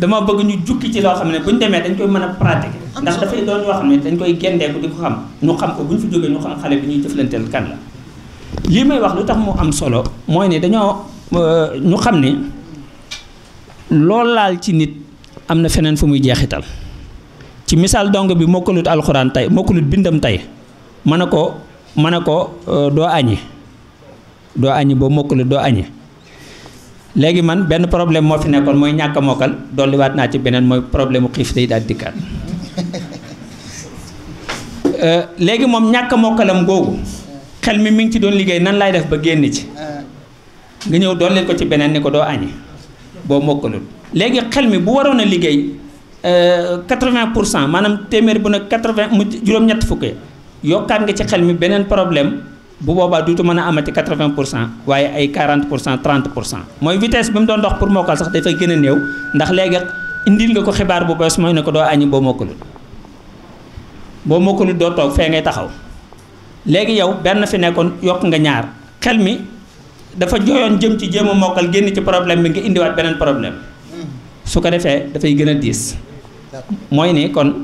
dama bëgg ñu jukki ci loo xam ne bu ñu demee dañ koy mën a pratiquer ndax dafay doon yoo xam ne dañ koy gendeeku di ko xam ñu xam ko bu ñu fi jógee ñu xam xale bi ñuy jëflanteel kan la lii may wax lu tax mu am solo mooy ne dañoo euh, ñu xam ne loolu laal ci nit am na feneen fu muy jeexital ci misaal dong bi mokkalut alxuraan tey mokkalut bindam tey mën a ko mën a ko euh, doo añi doo añi boo mokkalut doo añi léegi man benn problème moo fi nekkoon mooy ñàkk a mokkal dolliwaat naa ci beneen mooy problème mu xiif day daal dikkaat euh, léegi moom ñàkk a mokkalam googu xel mi mi ngi ci doon liggéey nan laay def ba génn ci nga ñëw dollil ko ci beneen ni ko doo añi boo mokkalul léegi xel mi bu waroon a liggéey 80 euh, pour cent maanaam téeméer bu ne 80 mu juróom-ñett fukk yokkaat nga ci xel mi beneen problème. bu boobaa duutu mën a amati 80 pour cent waaye ay 40 pour cent 30 pour cent mooy vitesse bi mu doon dox pour mokkal sax dafay gën a néew ndax léegi indil nga ko xibaar bu bees mooy ne ko doo añi boo mokkalut doo toog fee ngay taxaw léegi yow benn fi nekkoon yokk nga ñaar xel mi dafa jooyoon jëm ci jéem a mokkal génn ci problème bi nga indiwaat beneen problème su ko defee dafay gën a diis mooy ni kon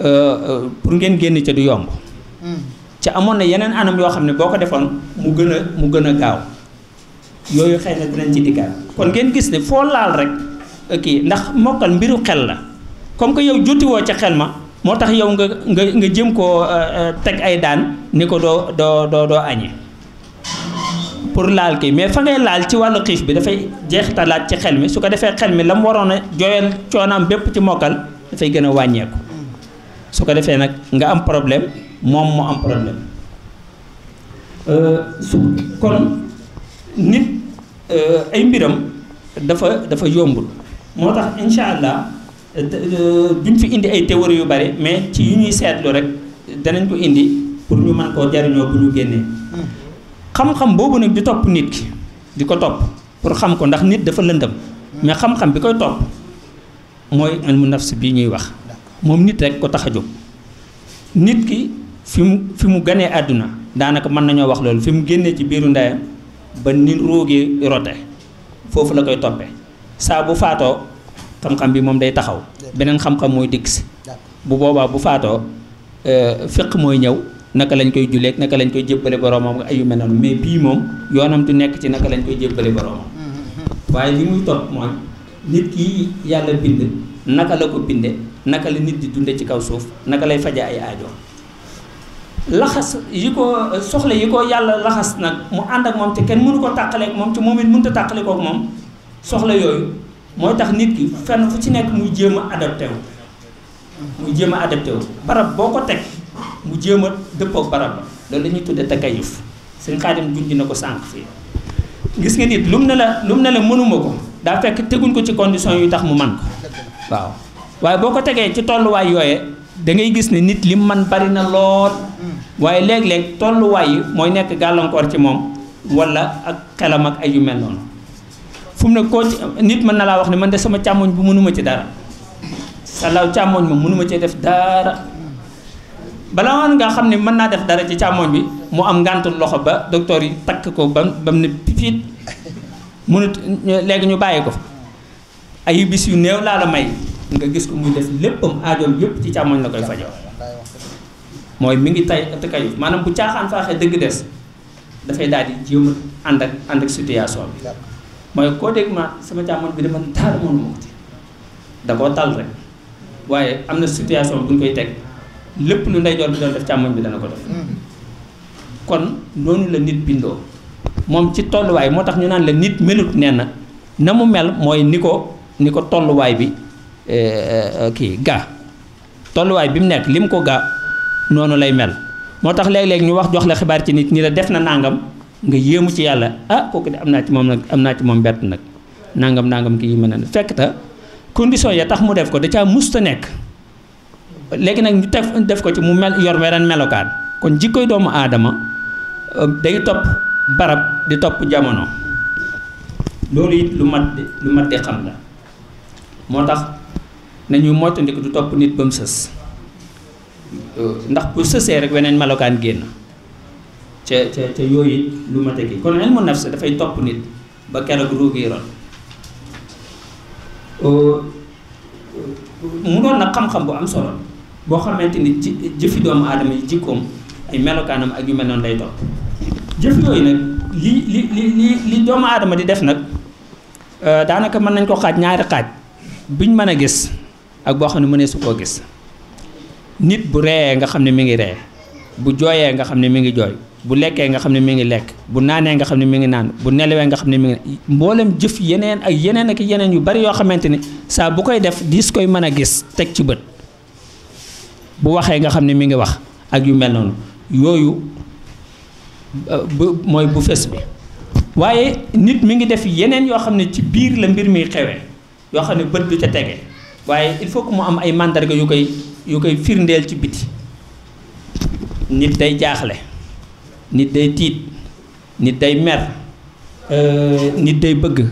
euh, euh, pour ngeen génn ca du yomb hmm. te amoon na yeneen anam yoo xam ne boo ko defoon mu gën a mu gën a gaaw yooyu xëy na dinañ ci diggaat kon ngeen gis ne foo laal rek kii ndax mokkal mbiru xel la comme que yow jotiwoo ca xel ma moo tax yow nga nga nga jëm koo euh, euh, teg ay daan ni ko doo doo doo doo añee pour laal ki mais fa ngay laal ci wàllu xiif bi dafay jeex jeexitalaat ci xel mi su ko defee xel mi la mu waroon a jooyal coonaam bépp ci mokkal dafay gën a wàññeeku su ko defee nag nga am problème. moom mu am la euh, su kon nit euh, ay mbiram dafa dafa yombul moo tax incha allah euh, duñ fi indi ay théorie yu bari mais ci yu ñuy seetlu rek danañ ko indi pour ñu mën koo jariñoo bu ñu génnee xam-xam boobu nag di topp nit ki di ko topp pour xam ko ndax nit dafa lëndëm mais xam-xam bi koy topp mooy ilmu nafs bi ñuy wax moom nit rek ko tax a jóg nit ki fi mu fi mu ganee àdduna daanaka mën nañoo wax loolu fi mu génnee ci biiru ndeyam ba ni róogee rote foofu la koy toppee saa bu faatoo xam-xam bi moom day taxaw beneen xam-xam mooy dikk si bu boobaa bu faatoo euh, fiq mooy ñëw naka lañ koy julleek naka lañ koy jébbale boroomam ay yu mel noonu mais bii moom yoonam du nekk ci naka lañ koy jébbale boroomam mm-hmm. waaye li muy topp mooy nit ki yàlla bind naka la ko binde naka la nit di dunde ci kaw suuf naka lay faje ay aajo laxas yi ko soxla yi ko yàlla laxas nag mu ànd ak moom te kenn mënu ko tàqaleek moom te moom it mënut a tàqalekook moom soxla yooyu mooy tax nit ki fenn fu ci nekk muy jéem a adapté wu muy jéem a adapté wu barab boo ko teg mu jéem a dëppook barab la loolu la ñuy tudde takayuf sëñ Xaadim junj na ko sànq fii gis nga nit lu mu ne la lu mu ne la mënuma ko daa fekk teguñ ko ci condition yu tax mu man ko waaw waaye boo ko tegee ci tolluwaay yooyee da gis ne nit li man bari na lool waaye léeg-léeg tolluwaay yi mooy nekk gàllankoor ci moom wala ak xelam ak ay yu mel noonu fu mu ne koo ci nit mën na laa wax ne man de sama càmmoñ bu mënuma ci dara salaaw càmmoñ ma mënuma cee def dara balaa woon nga xam ne mën naa def dara ci càmmoñ bi mu am ngànt loxo ba docteur yi takk ko ba ba mu ne pipiit mënut léegi ñu bàyyi ko fa ay bis yu new laa la may nga gis ko muy def léppam aajoom yëpp ci càmmoñ la koy fajoo mooy mi ngi tay takayuf maanaam bu caaxaan faaxee dëgg des dafay daal di jéem a ànd ak ànd ak situation bi mooy koo dégg ma sama càmmoñ bi dama daal moom moo ko da tal rek waaye am na situation bu ñu koy teg lépp lu ndeyjoor bi doon def càmmoñ bi dana ko def hmm. kon noonu la nit bindoo moom ci tolluwaay moo tax ñu naan la nit melut nee na na mu mel mooy ni ko ni ko tolluwaay bi eh, eh, kii gaa tolluwaay bi mu nekk lim ko gaa noonu lay mel moo tax léeg-léeg ñu wax jox la xibaar ci nit ñi la def na nangam nga yéemu ci yàlla ah kooku de am naa ci moom nag am naa ci moom bett nag nangam nangam kii mën na fekk ta condition ya tax mu def ko da caa musta nekk léegi nag ñu tef def ko ci mu mel yor weneen melokaan kon jikkoy doomu aadama euh, day topp barab di topp jamono loolu it lu mat lu mat di xam la moo tax nañuy moytandiku du topp nit ba mu sës ndax bu sësee rek weneen melokaan génn ca ca ca yooyu lu ma tegi kon ilmu nafs dafay topp nit ba keroog ruugi ron euh, mu doon nag xam-xam bu am solo boo xamante ni ji jëfi doomu ay melokaanam ak yu mel noonu day topp jëf yooyu nag li li li li doomu aadama di def nag euh, daanaka mën nañ ko xaaj ñaari xaaj buñ mën a gis ak boo xam ne mënee su koo gis nit bu reeyee nga xam ne mi ngi ree bu jooyee nga xam ne mi ngi jooy bu lekkee nga xam ne mi ngi lekk bu naanee nga xam ne mi ngi naan bu nelawee nga xam ne mu ngi mboolem jëf yeneen ak yeneen ak yeneen yu bari yoo xamante ni saa bu koy def diis koy mën a gis teg ci bët bu waxee nga xam ne mi ngi wax ak yu mel noonu yooyu euh, bu bu fes bi waaye nit mi ngi def yeneen yoo xam ne ci biir la mbir mi xewee yoo xam ne bët du ca tege waaye il faut que mu am ay màndarga yu koy yu koy firndeel ci biti nit day jaaxle nit day tiit nit day mer euh, nit day bëgg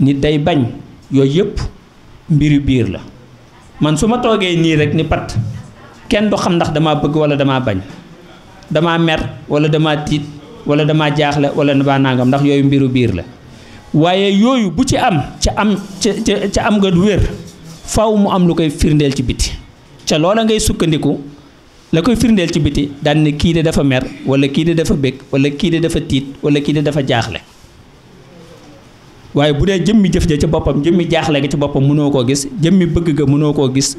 nit day bañ yooyu yëpp mbiru biir la man su ma toogee nii rek ni pat kenn du xam ndax damaa bëgg wala damaa bañ damaa mer wala dama tiit wala damaa jaaxle wala damaa nangam ndax yooyu mbiru biir la waaye yooyu bu ci am ca am ca ca am nga wér faw mu am lu koy firndeel ci biti ca loola ngay sukkandiku la koy firndeel ci biti daan ne kii de dafa mer wala kii de dafa bëgg wala kii de dafa tiit wala kii de dafa jaaxle waaye bu dee jëmmi jëf ja ca boppam jëmmi jaaxle ga ci boppam mënoo koo gis jëmmi bëgg ga mënoo koo gis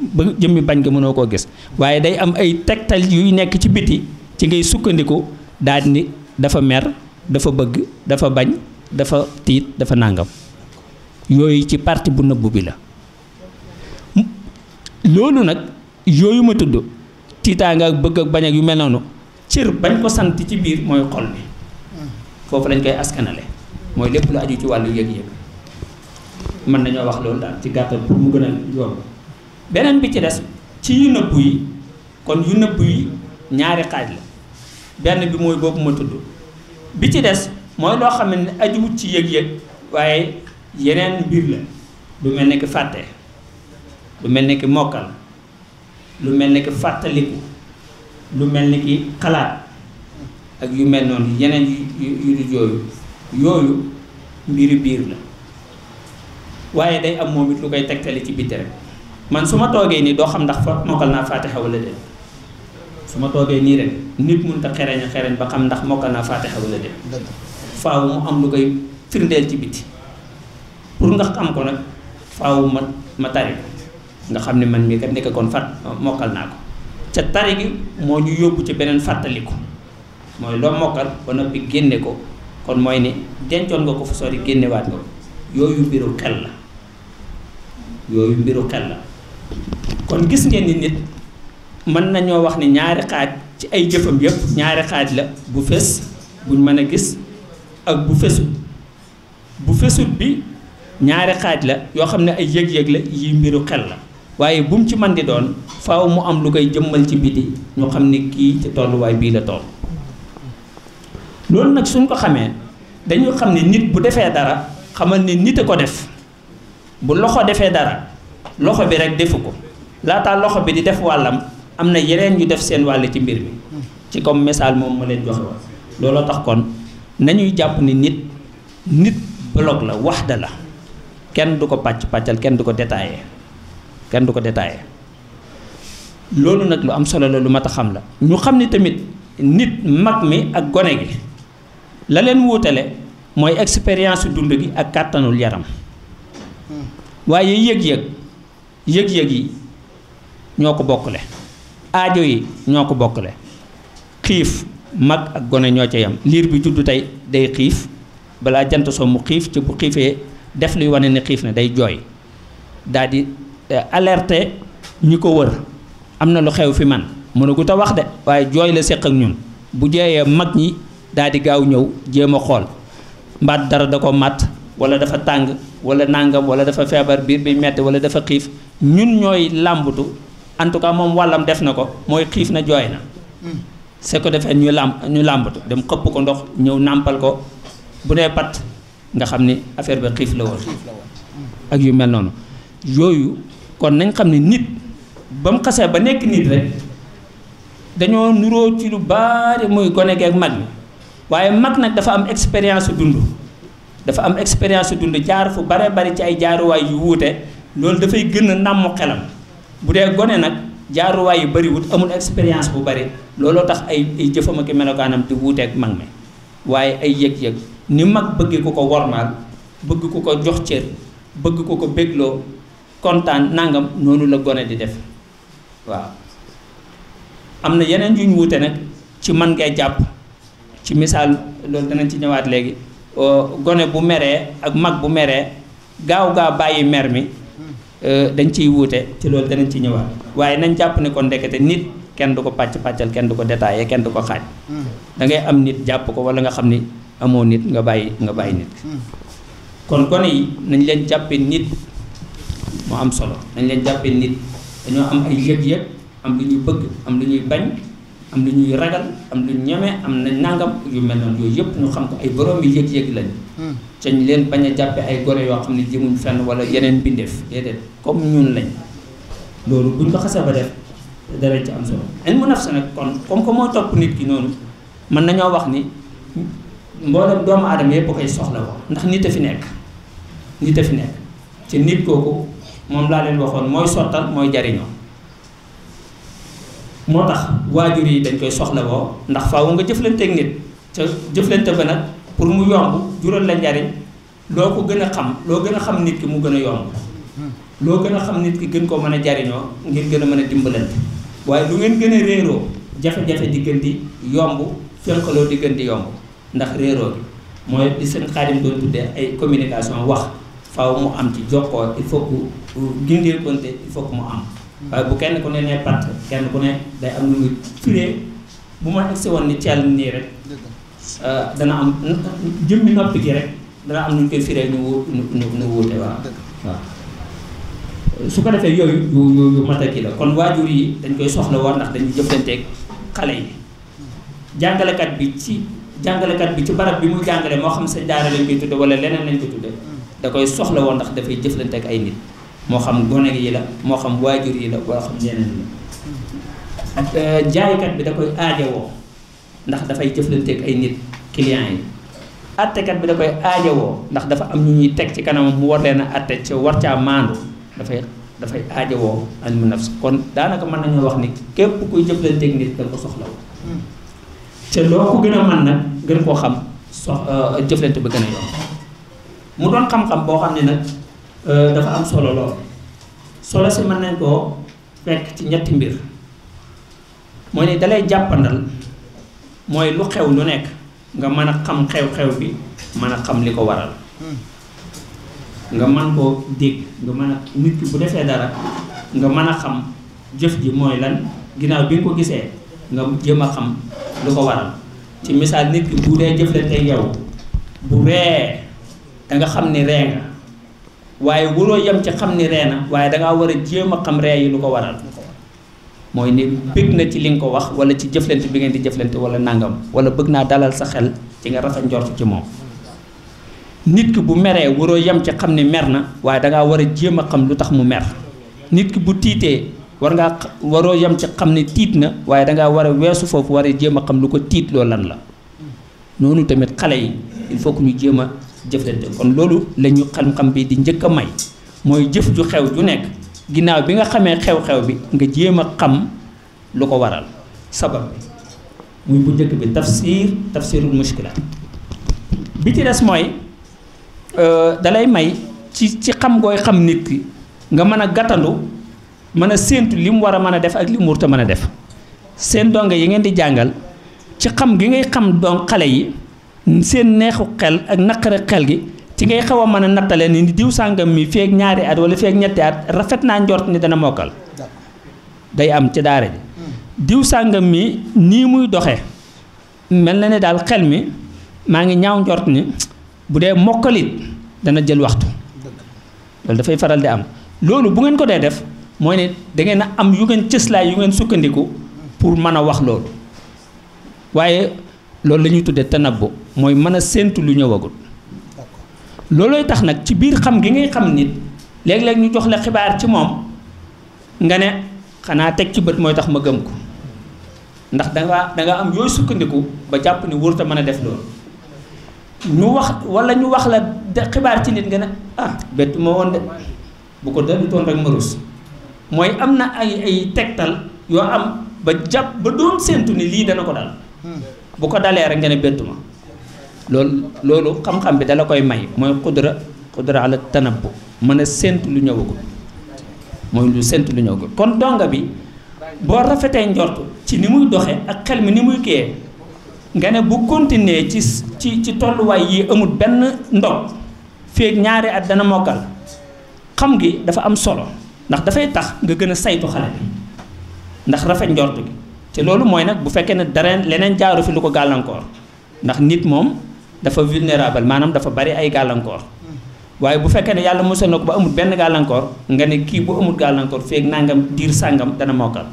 jëmmi bañ ga mënoo koo gis waaye day am ay tegtal yuy nekk ci biti ci ngay sukkandiku daan ni dafa mer dafa bëgg dafa bañ dafa tiit dafa nàngam yooyu ci parti bu nëbbu bi la loolu nag yooyu ma tudd tiitaanga ak bëgg ak bañ ak yu mel noonu cër bañ ko sant ci biir mooy xol bi foofu lañ koy askanale mooy lépp lu aju ci wàllu yëg-yëg mën nañoo wax loolu daal ci gàttal pour mu gën a yomb beneen bi ci des ci yu nëbbu yi kon yu nëbbu yi ñaari xaaj la benn bi mooy boobu ma tudd bi ci des mooy loo xam ne ajuwut ci yëg-yëg waaye yeneen mbir la lu mel ne ki fàtte lu mel ne ki mokkal lu mel ni ki fàttaliku lu mel ni ki xalaat ak yu mel noonu yeneen yu du yooyu yooyu mbiri biir la waaye day am moom it lu koy tegtali ci bitti rek man su ma toogee nii doo xam ndax fa mokkal naa faatixa wala la su ma toogee nii nit mënut a xereñ ba xam ndax mokkal naa faatixa wala déet mu am lu koy firndeel ci bitti pour nga xam ko nag faaw ma ma tari nga xam ne man mii kat nekk kon fat mokkal naa ko ca tari gi moo ñu yóbbu ci beneen fàttaliku mooy loo mokkal ba noppi génne ko kon mooy ne dencoon nga ko fa sori génnewaat nga yooyu mbiru xel la yooyu mbiru xel la kon gis ngeen ni nit mën nañoo wax ne ñaari xaaj ci ay jëfam ñaari xaaj la bu fés buñ mën a gis ak bu fesul bu fesul bi ñaari xaaj la yoo xam ne ay yëg-yëg la yi mbiru xel la waaye bu mu ci man di doon faw mu am lu koy jëmmal ci biti ñu xam ne kii ci tolluwaay bii la toll loolu nag suñ ko xamee dañu xam ne nit bu defee dara xamal ne nit a ko def bu loxo defee dara loxo bi rek defu ko laataa loxo bi di def wàllam am na yeneen yu def seen wàll ci mbir mi ci comme misaal moom ma leen jox la looloo tax kon nañuy jàpp ni nit nit bloc la wax dala kenn du ko pàcc pàccal kenn du ko détaillé kenn du ko détaillé loolu nag lu am solo la lu mat a xam la ñu xam ni tamit nit mag mi ak gone gi la leen wuutale mooy expérience dund gi ak kàttanul yaram waaye yëg-yëg yëg-yëg yi ñoo ko bokkule aajo yi ñoo ko bokkule xiif mag ak gone ñoo ca yam liir bi juddu tey day xiif balaa jant soo mu xiif ci bu xiifee def luy wane ne xiif ne day jooy daal Euh, alerté ñi ko wër am na lu xew fi man mënagut a wax de waaye jooy la séq ak ñun bu jooyee mag ñi daal di gaaw ñëw jéem a xool mbaat dara da ko màtt wala dafa tàng wala nàngam wala dafa feebar biir bi metti wala dafa xiif ñun ñooy làmbatu en tout cas moom wàllam def na ko mooy xiif na jooy na hmm. c'est que defee ñu làmb ñu làmbatu dem xëpp ko ndox ñëw nàmpal ko bu nee pat nga xam ni affaire bi xiif la woon ak yu mel noonu yooyu kon nañ xam ne nit ba mu xasee ba nekk nit rek dañoo nuróo ci lu baari muy gone gi mag mi waaye mag nag dafa am expérience dund dafa am expérience dund jaar fu bare bari ci ay jaaruwaay yu wuute loolu dafay gën a nàmm xelam bu dee gone nag jaaruwaay yu bariwut amul expérience bu bare looloo tax ay ay jëfam ak melokaanam di wuuteeg mag mi waaye ay yëg-yëg ni mag bëggee ko ko wormaal bëgg ko ko jox cër bëgg ko ko bégloo kontaan nangam noonu la gone di def waaw am na yeneen yuñ wuute nag ci man ngay jàpp ci misaal loolu danañ ci ñëwaat léegi gone bu meree ak mag bu meree gaaw gaa bàyyi mer mi hmm. euh, dañ ciy wuute ci loolu danañ ci ñëwaat waaye nañ jàpp ni ko ndekete nit kenn du ko pàcc pàccal kenn du ko détaillé kenn du ko xaaj hmm. dangay am nit jàpp ko wala nga xam ni amoo nit nga bàyyi nga bàyyi nit hmm. kon gone yi nañ leen jàppe nit moo am solo dañ leen jàppee nit dañoo am ay yëg-yëg am lu ñuy bëgg am lu ñuy bañ am lu ñuy ragal am lu ñeme am na nangam yu mel noonu yooyu yëpp ñu xam ko ay borom yi yëg-yëg lañ hmm. cañ leen bañ a jàppe ay gore yoo xam ne jëmuñ fenn wala yeneen bindeef déedéet comme ñun lañ loolu bu ko xasee ba def dara am solo ilmu nafs nag kon comme que moo topp nit ki noonu mën nañoo wax ni mboolem doomu aadama yëpp koy soxla woo ndax nit a fi nekk nit a fi nekk nit kooku moom laa leen waxoon mooy sottal mooy jariñoo moo tax waajur yi dañ koy soxlawoo ndax faaw nga jëflanteeg nit te jëflante ba nag pour mu yomb jural la njariñ loo ko gën a xam loo gën a xam nit ki mu gën a yomb loo gën a xam nit ki gën koo mën a jariñoo ngir gën a mën a dimbalante waaye lu ngeen gën a réeroo jafe-jafe di gën di yomb fénqaloo di di yomb ndax réeroo bi mooy di seen xaadim doon tuddee ay communication wax faaw mu am ci jokkoo il faut que euh, gindeel konte il faut que mu am waaye bu kenn ku ne nee patt kenn ko ne day am lu muy firee bu ma egsi woon ni cell nii rek euh, dana am jëmmi noppi gi rek dana am lu ñu koy firee ñu wóo ñu wóote waaw waaw su ko defee yooyu yu yu yu kii la kon waajur yi dañ koy soxla war ndax dañuy jëflanteeg xale yi jàngalekat bi ci jàngalekat bi ci barab bi muy jàngale moo xam sa daara lañ koy tudde wala leneen lañ koy tudde da koy soxla woon ndax dafay jëflante ak ay nit moo xam gone yi la moo xam waajur yi la moo xam ñeneen la euh, jaaykat bi da koy aajowoo ndax dafay jëflante ak ay nit clients yi attekat bi da koy aajowoo ndax dafa am ñu ñuy teg ci kanamam mu war leen a atte ci war caa maandu dafay dafay aajowoo ilmu nafs kon daanaka mën nañoo wax ni képp kuy jëflante ak nit da ko soxla woon hmm. te loo ko gën a mën nag gën koo xam sox euh, jëflante ba gën a yomb mu doon xam-xam boo xam ne nag euh, dafa am solo lool solo si mën nañ koo fekk ci ñetti mbir mooy ne dalay jàppandal mooy lu xew lu nekk nga mën a xam xew-xew bi mën a xam li ko waral mën koo dégg nga mën bu defee dara nga mën a xam jëf ji mooy lan ginnaaw bi ko gisee nga jëm a xam ko waral ci misaal nit ki bu dee jëflante yow bu ree da nga xam ni ree nga waaye waroo yem ci xam ni ree na waaye dangaa war a jéem a xam ree yi lu ko waral mooy ni bëgg na ci li nga ko wax wala ci jëflante bi ngeen di jëflante wala nangam wala bëgg naa dalal sa xel ci nga rafet njort ci moom nit ki bu meree waroo yem ci xam ni mer na waaye danga war a jéem a xam lu tax mu mer nit ki bu tiitee war ngaa waroo yem ci xam ni tiit na waaye dangaa war a weesu foofu war a jéem a xam lu ko tiit loo lan la jëf jëflante kon loolu la ñu xam-xam bi di njëkk a may mooy jëf ju xew ju nekk ginnaaw bi nga xamee xew-xew bi nga jéem a xam lu ko waral sabab bi muy bu njëkk bi tafsir tafsirul mushkilaat bi ci des mooy euh, dalay may ci ci xam gooy xam nit ki nga mën a gàttandu mën a séentu li mu war a mën a def ak li mu warut mën a def seen donga yi ngeen di jàngal ci xam gi ngay xam don xale yi seen neexu xel ak naqare xel gi ci ngay xaw a mën a nattale ni diw sàngam mi feeg ñaari at wala feeg ñetti at rafet naa njort ni dana mokkal day am ci daara ji hmm. diw sàngam mi nii muy doxee mel na ne daal xel mi maa ngi ñaaw njort ni bu dee mokkalit dana jël waxtu loolu dafay faral di am loolu bu ngeen ko dee def mooy ne dangeen a am yu ngeen cëslaay yu ngeen sukkandiku pour mën a wax loolu waaye loolu la ñuy tuddee tanabbu mooy mën a séentu lu ñëwagul loolooy tax nag ci biir xam gi ngay xam nit léeg-léeg ñu jox la xibaar ci moom nga ne xanaa teg ci bët mooy tax ma gëm ko ndax danga danga am yooyu sukkandiku ba jàpp ni wóorut mën a def loolu ñu wax wala ñu wax la xibaar ci nit nga ne ah ma woon bu ko dellu toon ma rus mooy am na ay ay tegtal yoo am ba jàpp ba doon séentu ni lii dana ko dal hmm. bu ko dalee rek nga ne bettu loolu loolu xam-xam bi dala koy may mooy xudra xudra ala tanabbu mën a sént lu ko mooy lu sént lu ñëw ko kon donga bi boo rafetee njort ci ni muy doxee ak xel mi ni muy kiyee nga ne bu continuer ci ci ci tolluwaay yi amul benn ndog feeg ñaari at dana mokkal xam gi dafa am solo ndax dafay tax nga gën a saytu xale bi ndax rafet njort gi te loolu mooy nag bu fekkee ne dara leneen jaaru fi lu ko gàllankoor ndax nit moom dafa vulnérable maanaam dafa bari ay gàllankoor waaye bu fekkee ne yàlla musal na ko ba amul benn gàllankoor nga ne kii bu amul gàllankoor feeg nangam diir sàngam dana mokkal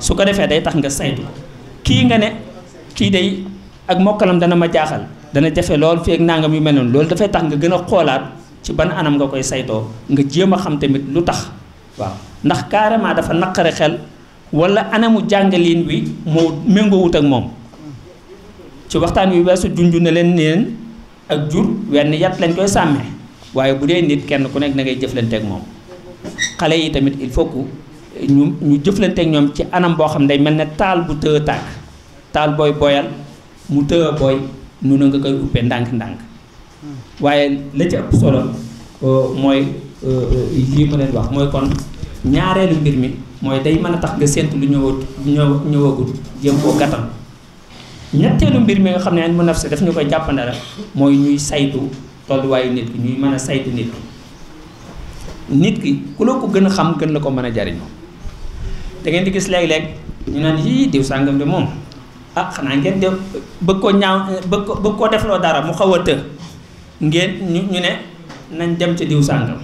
su ko defee day tax nga saytu kii nga ne kii day ak mokkalam dana ma jaaxal dana jafe lool feeg nangam yu mel noonu loolu dafay tax nga gën a xoolaat ci ban anam nga koy saytoo nga jéem a xam tamit lu tax waaw ndax carrément dafa naqare xel wala anamu jàngalin wi moo méngoowut ak moom ci waxtaan wi weesu junj na leen neen ak jur wenn yat lañ koy sàmme waaye bu dee nit kenn ku nekk na ngay jëflanteeg moom xale yi tamit il faut que ñu ñu jëflanteeg ñoom ci anam boo xam ne day mel ne taal bu tëë tàkk taal booy boyal mu tëë booy nu nga koy uppee ndànk-ndànk waaye la ci ëpp solo euh, mooy euh, euh, lii ma leen wax mooy kon ñaareelu mbir mi mooy day mën a tax nga séntu lu ñëw ñëw ñëwagut jéem koo gàttal ñetteelu mbir mi nga xam ne an mu nafsi daf ñu koy jàppandara mooy ñuy saytu tolluwaayu nit ki ñuy mën a saytu nit ki nit ki ku la ko gën a xam gën la ko mën a jariñoo da ngeen di gis léeg-léeg ñu naan yii sàngam de moom ah xanaa ngeen def bëgg koo bëgg ko bëgg koo defloo dara mu xaw a të ngeen ñu ñu ne nañ dem ci diw sàngam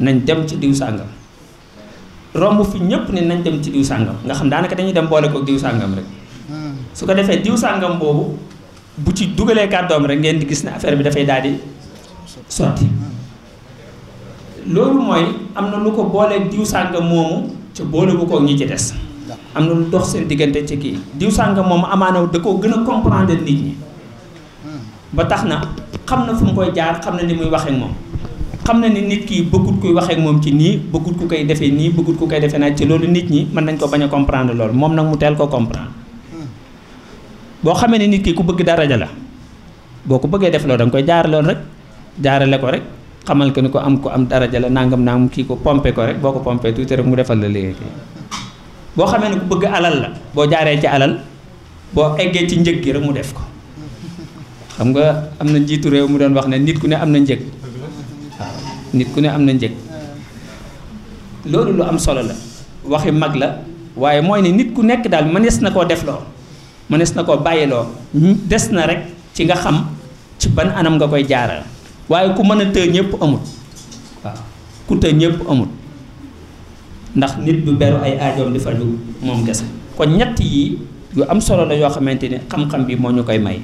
nañ dem ci diw sàngam romb fi ñëpp ne nañ dem ci diw sàngam nga xam daanaka dañuy dem boole ko diw sàngam rek su ko defee diw sàngam boobu bu ci dugalee kàddoom rek ngeen di gis ne affaire bi dafay daadi di sotti loolu mooy am na lu ko booleeg diw sàngam moomu ca boole bu kook ñi ci des am na lu dox seen diggante ci kii diw sàngam moomu amaanaw da koo gën a comprendre nit ñi ba tax na xam na fu mu koy jaar xam na ni muy waxeek moom xam na ni nit kii bëggut kuy waxeek moom ci nii bëggut ku koy defee nii bëggut ku koy defe naa ci loolu nit ñi mën nañ ko bañ a comprendre moom nag mu teel ko comprendre boo xamee ni nit ki ku bëgg daraja la boo ko bëggee def loo danga nga koy jaaraloon rek jaarale ko rek xamal ko ni ko am ko am daraja la nangam nangam kii ko pompe ko rek boo ko pompee tuuti rek mu defal la léegi boo xamee bëgg alal la boo jaaree ci alal boo eggee ci njëg gi rek mu def ko xam nga am na njiitu réew mu doon wax ne nit ku ne am na njëg waaw nit ku ne am na njëg loolu lu am solo la waxi mag la waaye mooy ne nit ku nekk daal mënees na koo def loo mënees na koo bàyyiloo mhm. des na rek ci nga xam ci ban anam nga koy jaaral waaye ku mën a tëj ñëpp amut waaw ku tëj ñëpp amut ndax nit bu beru ay aajoom di faju moom kese kon ñett yi yu am solo la yoo xamante ni xam bi moo ñu koy may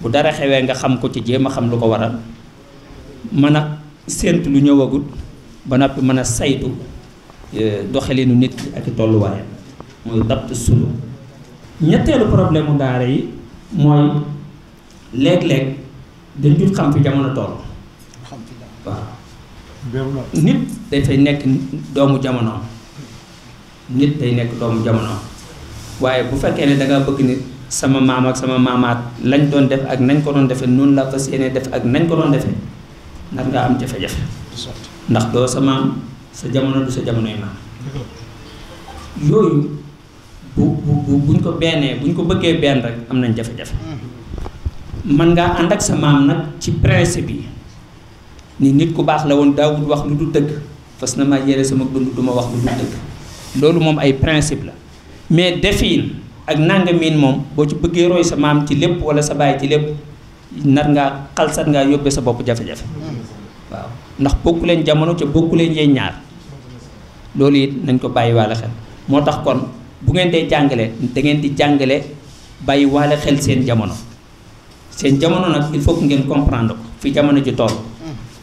bu dara xewee nga xam ko ci jéem a xam lu ko waral mën a séentu lu ñëwagul ba noppi mën a saytu eh, doxelinu nit ak ak tolluwaayam mooy dapt sulu ñetteelu problème mu daara yi mooy léeg-léeg dañ dul xam fi jamono toll waaw nit dafay nekk doomu jamono nit day nekk doomu jamono waaye bu fekkee ne dangaa bëgg ni sama maam ak sama maamaat lañ doon def ak nañ ko doon defee noonu la fas yéene def ak nañ ko doon defee ndax nga am jafe-jafe ndax doo sa maam sa jamono du sa jamonoy maam yooyu bu bu buñ ko bennee bu buñ ko bëggee benn rek am nañ jafe-jafe mën ngaa ànd ak sa maam nag ci principe yi ni nit ku baax la woon daawul wax lu du dëgg fas na ma yére sama dund du ma wax lu du dëgg loolu moom ay principe la mais defiin ak nangamiin moom boo ci bëggee roy sa maam ci lépp wala sa baay ci lépp nar ngaa xalsat ngaa yóbbee sa bopp jafe-jafe waaw ndax bokku jamono ca bokku leen yéen ñaar loolu it nañ ko bàyyi waale xel moo tax bu ngeen dee jàngale da ngeen di jàngale bàyyi waale xel seen jamono seen jamono nag il faut que ngeen comprendre ko fi jamono ji tool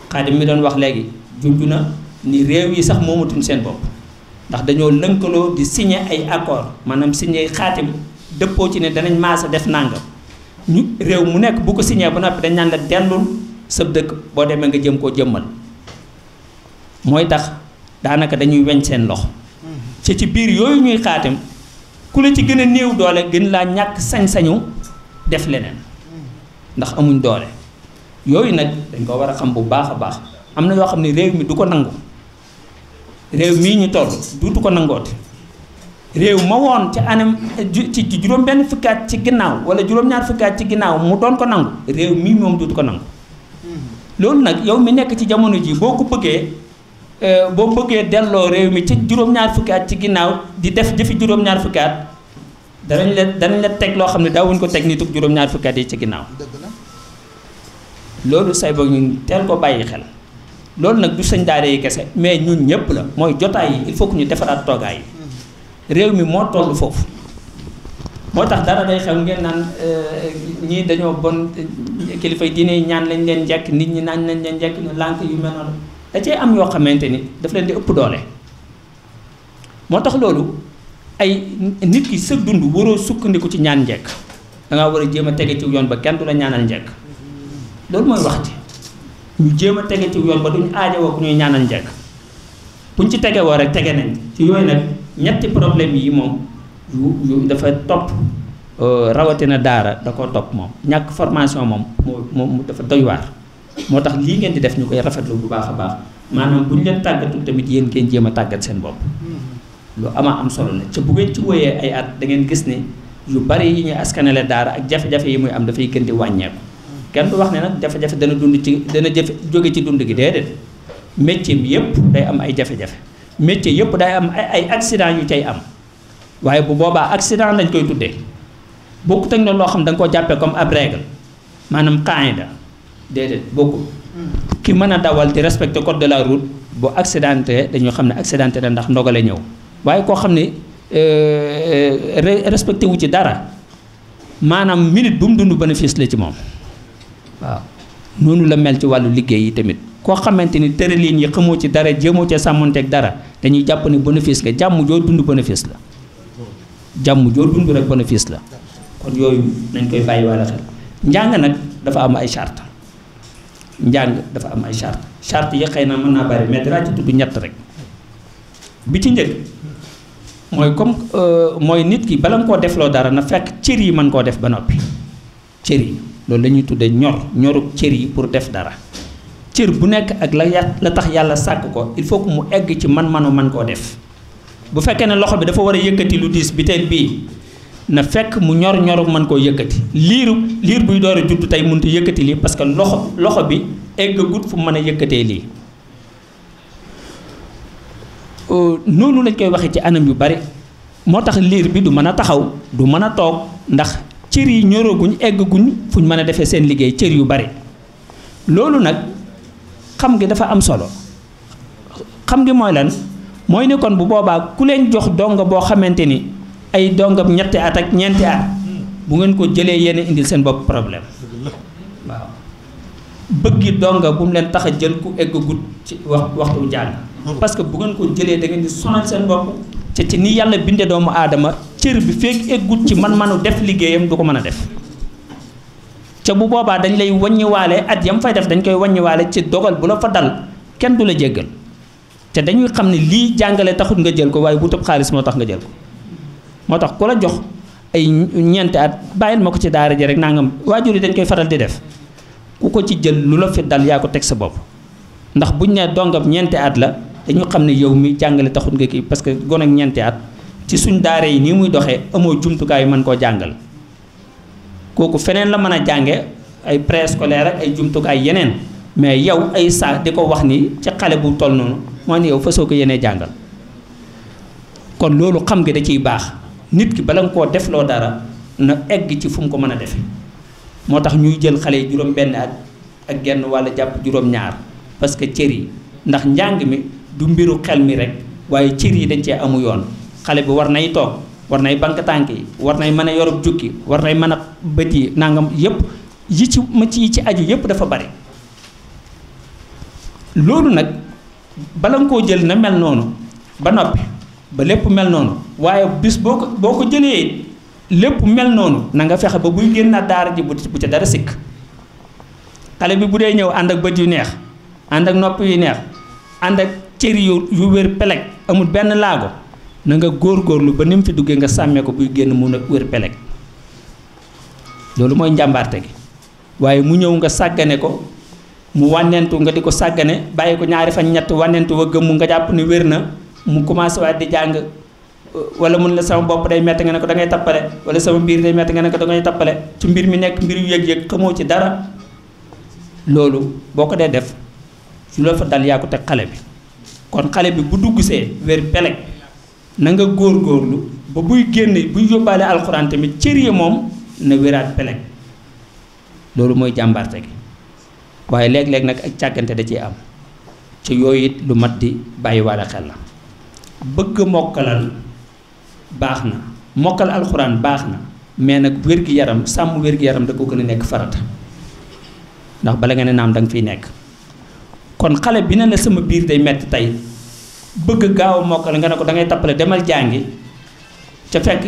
xaadim mi doon wax léegi junju na ni réew yi sax moomatuñ seen bopp ndax dañoo lënkaloo di signé ay accord maanaam signé xaatim dëppoo ci ne danañ maasa def nangam ñu réew mu nekk bu ko signé ba noppi dañ naan la dellul sa dëkk boo demee nga jëm koo jëmmal mooy tax daanaka dañuy weñ seen loxo ci ci biir yooyu ñuy xaatim ku la ci gën a néew doole gën laa ñàkk sañ-sañu def leneen ndax amuñ doole yooyu nag dañ ko war a xam bu baax a baax am na yoo xam ne réew mi du ko nangu réew mii ñu toll duutu ko nangoote réew ma woon ci anam ci juróom benn ci ginnaaw wala juróom-ñaar fukkaat ci ginnaaw mu doon ko nangu réew mii moom duutu ko nangu hmm. loolu nag yow mi nekk ci jamono ji boo ko bëggee Euh, boo bëggee delloo réew mi ci juróom-ñaar fukki at ci ginnaaw di def jëfi juróom-ñaar danañ la danañ la teg loo xam ne daawuñ ko teg nituk juróom-ñaar fukki at yi ci ginnaaw loolu say boog ñu teel ko bàyyi xel loolu nag du sëñ daara yi kese mais ñun ñëpp la mooy jotaay yi il faut que ñu defaraat toogaay yi mm-hmm. réew mi moo toll foofu moo tax dara day xew ngeen naan euh, ñii dañoo bon kilifa diine ñaan lañ leen njëkk nit ñi naan lañ leen njëkk lànk yi mel noonu da cee am yoo xamante ni daf leen di ëpp doole moo tax loolu ay nit ki sa dund waroo sukkandiku ci ñaan njekk danga war a jéem a tege ci yoon ba kenn du la ñaanal njekk loolu mooy wax ji ñu jéem a tege ci yoon ba duñu aajowoo ku ñuy ñaanal njekk buñ ci tege woo rek tege nañ ci yooyu nag ñetti problème yi moom yu yu dafa topp euh, rawatina daara da ko topp moom ñàkk formation moom moo moom dafa doy moo tax lii ngeen di def ñu koy rafetlu bu baax a baax maanaam bu ñu leen tàggatul tamit yéen ngeen jéema a tàggat seen bopp mm-hmm. lu ama am solo la ca bu ci wóoyee ay at da ngeen gis ne yu bari yi ñuy askanale daara ak jafe-jafe yi muy am dafay gën di wàññeeku mm-hmm. kenn du wax ne nag jafe-jafe dana dund ci dana jafe jóge ci dund gi déedéet métier bi yëpp day am ay jafe-jafe métier yëpp day am ay accident ñu cay am waaye bu boobaa accident lañ koy tuddee bokkut ak na loo xam da nga koo jàppee comme ab règle maanaam qaida déedéet bokkul ki mën a dawal te respecté code de la route bu accidenté dañoo xam ne accidenté la ndax ndogale ñëw waaye koo xam ne euh, euh, respecté wu ci dara maanaam minute bu mu dund bénéfice la ci moom waaw noonu la mel ci wàllu liggéey yi tamit koo xamante ni tërëliin yi xamoo ci dara jéemoo ca sàmmonteeg dara dañuy jàpp ni bénéfice nga jàmm joo dund bénéfice la jàmm joo dund rek bénéfice la kon yooyu nañ koy bàyyi wala xel njàng nag dafa am ay charte njàng dafa am ay charte charte yi xëy na mën naa bari mais dinaa ci tudd ñett rek bi ci njëkk mooy comme euh, mooy nit ki bala nga koo defloo dara na fekk cër yi mën koo def ba noppi cër yi loolu lañuy ñuy tuddee ñor ñoruk cër yi pour def dara cër bu nekk ak la la tax yàlla sàkk ko il faut que mu egg ci man-manu man koo def bu fekkee ne loxo bi dafa war a yëkkati lu diis biteel bii na fekk mu ñor ñor mën koo yëkkati liiru liir buy door a judd tey mënut a yëkkati lii parce que loxo loxo bi eggagut fu mën a yëkkatee lii euh, noonu lañ koy waxe ci anam yu bare moo tax liir bi du mën a taxaw du mën a toog ndax cër yi ñoroguñ eggaguñ fuñ mën a defee seen liggéey cër yu bari loolu nag xam ngi dafa am solo xam ngi mooy lan mooy ne bu boobaa ku leen jox donga boo xamante ni ay dongam ñetti at ak ñeenti at bu ngeen ko jëlee yéen indil seen bopp problème waaw bëggi donga bu mu leen tax a jël ku egg gut ci wax waxtu jàng parce que bu ngeen ko jëlee da ngeen di sonal seen bopp te ci ni yàlla binde doomu aadama cër bi feek eggut ci man-manu def liggéeyam du ko mën a def ca bu boobaa dañ lay wàññiwaale at yam fay def dañ koy wàññiwaale ci dogal bu la fa dal kenn du la jéggal te dañuy xam ne lii jàngale taxut nga jël ko waaye wutab xaalis moo tax nga jël moo tax ku la jox ay ñeenti at bàyyil ma ko ci daara ji rek nangam waajur yi dañ koy faral di def ku ko ci jël lu la fi dal yaa ko teg sa bopp ndax buñ ne dongam ñeenti at la dañu xam ne yow mi jàngale taxut nga kii parce que gone ak ñeenti at ci suñ daara yi nii muy doxee amoo jumtukaay mën koo jàngal kooku feneen la mën a jànge ay préscolaire ak ay jumtukaay yeneen mais yow ay saa di ko wax ni ci xale bu toll noonu moo ne yow fasoo ko yenee kon loolu xam nga da ciy baax nit ki bala nga koo defloo dara na egg ci fu mu ko mën a defe moo tax ñuy jël xale yi juróom benn at ak genn walla jàpp juróom ñaar parce que cër yi ndax njàng mi du mbiru xel mi rek waaye cër yi dañ cee amu yoon xale bi war nay toog war nay bank tànk yi war nay mën a yorub jukki war nay mën a bët yi nangam yépp yi ci ma ci ci aju yépp dafa bari loolu nag bala nga koo jël na mel noonu ba noppi ba lépp mel noonu waaye bis boo ko boo ko jëlee lépp mel noonu na nga fexe ba buy génnaat daara ji bu ca dara sikk xale bi bu dee ñëw ànd ak bët yu neex ànd ak nopp yu neex ànd ak cër yu yu wér peleg amul benn laago na nga góorlu ba ni mu fi duggee nga sàmmee ko buy génn mun a wér peleg loolu mooy njàmbarte gi waaye mu ñëw nga sàggane ko mu wànnentu nga di ko sàggane bàyyi ko ñaari fan ñett wànnentu gëmm nga jàpp ni wér na mu commencé waat di jàng wala mun la sama bopp day metti nga ne ko da tappale wala sama biir day metti nga ne ko da tappale ci mbir mi nekk mbir yu yëg-yëg xamoo ci dara loolu boo ko dee def su la fa dal yaa ko teg xale bi kon xale bi bu dugg see wér peleg na nga góorgóorlu ba buy génne buy yóbbaale alxuraan tamit cër yi moom na wéraat peleg loolu mooy jàmbarte gi waaye léeg-léeg nag ak càggante da ciy am ci yooyu it lu mat di bàyyiwaale xel la bëgg mokkalal baax na mokkal alxuraan baax na mais nag wér-gi-yaram sàmm wér-gi-yaram da ko gën a nekk farata ndax bala ngeen ne naam da fiy nekk kon xale bi ne na sama biir day metti tey bëgg gaaw a mokkal nga ne ko da ngay tappale demal jàngi ca fekk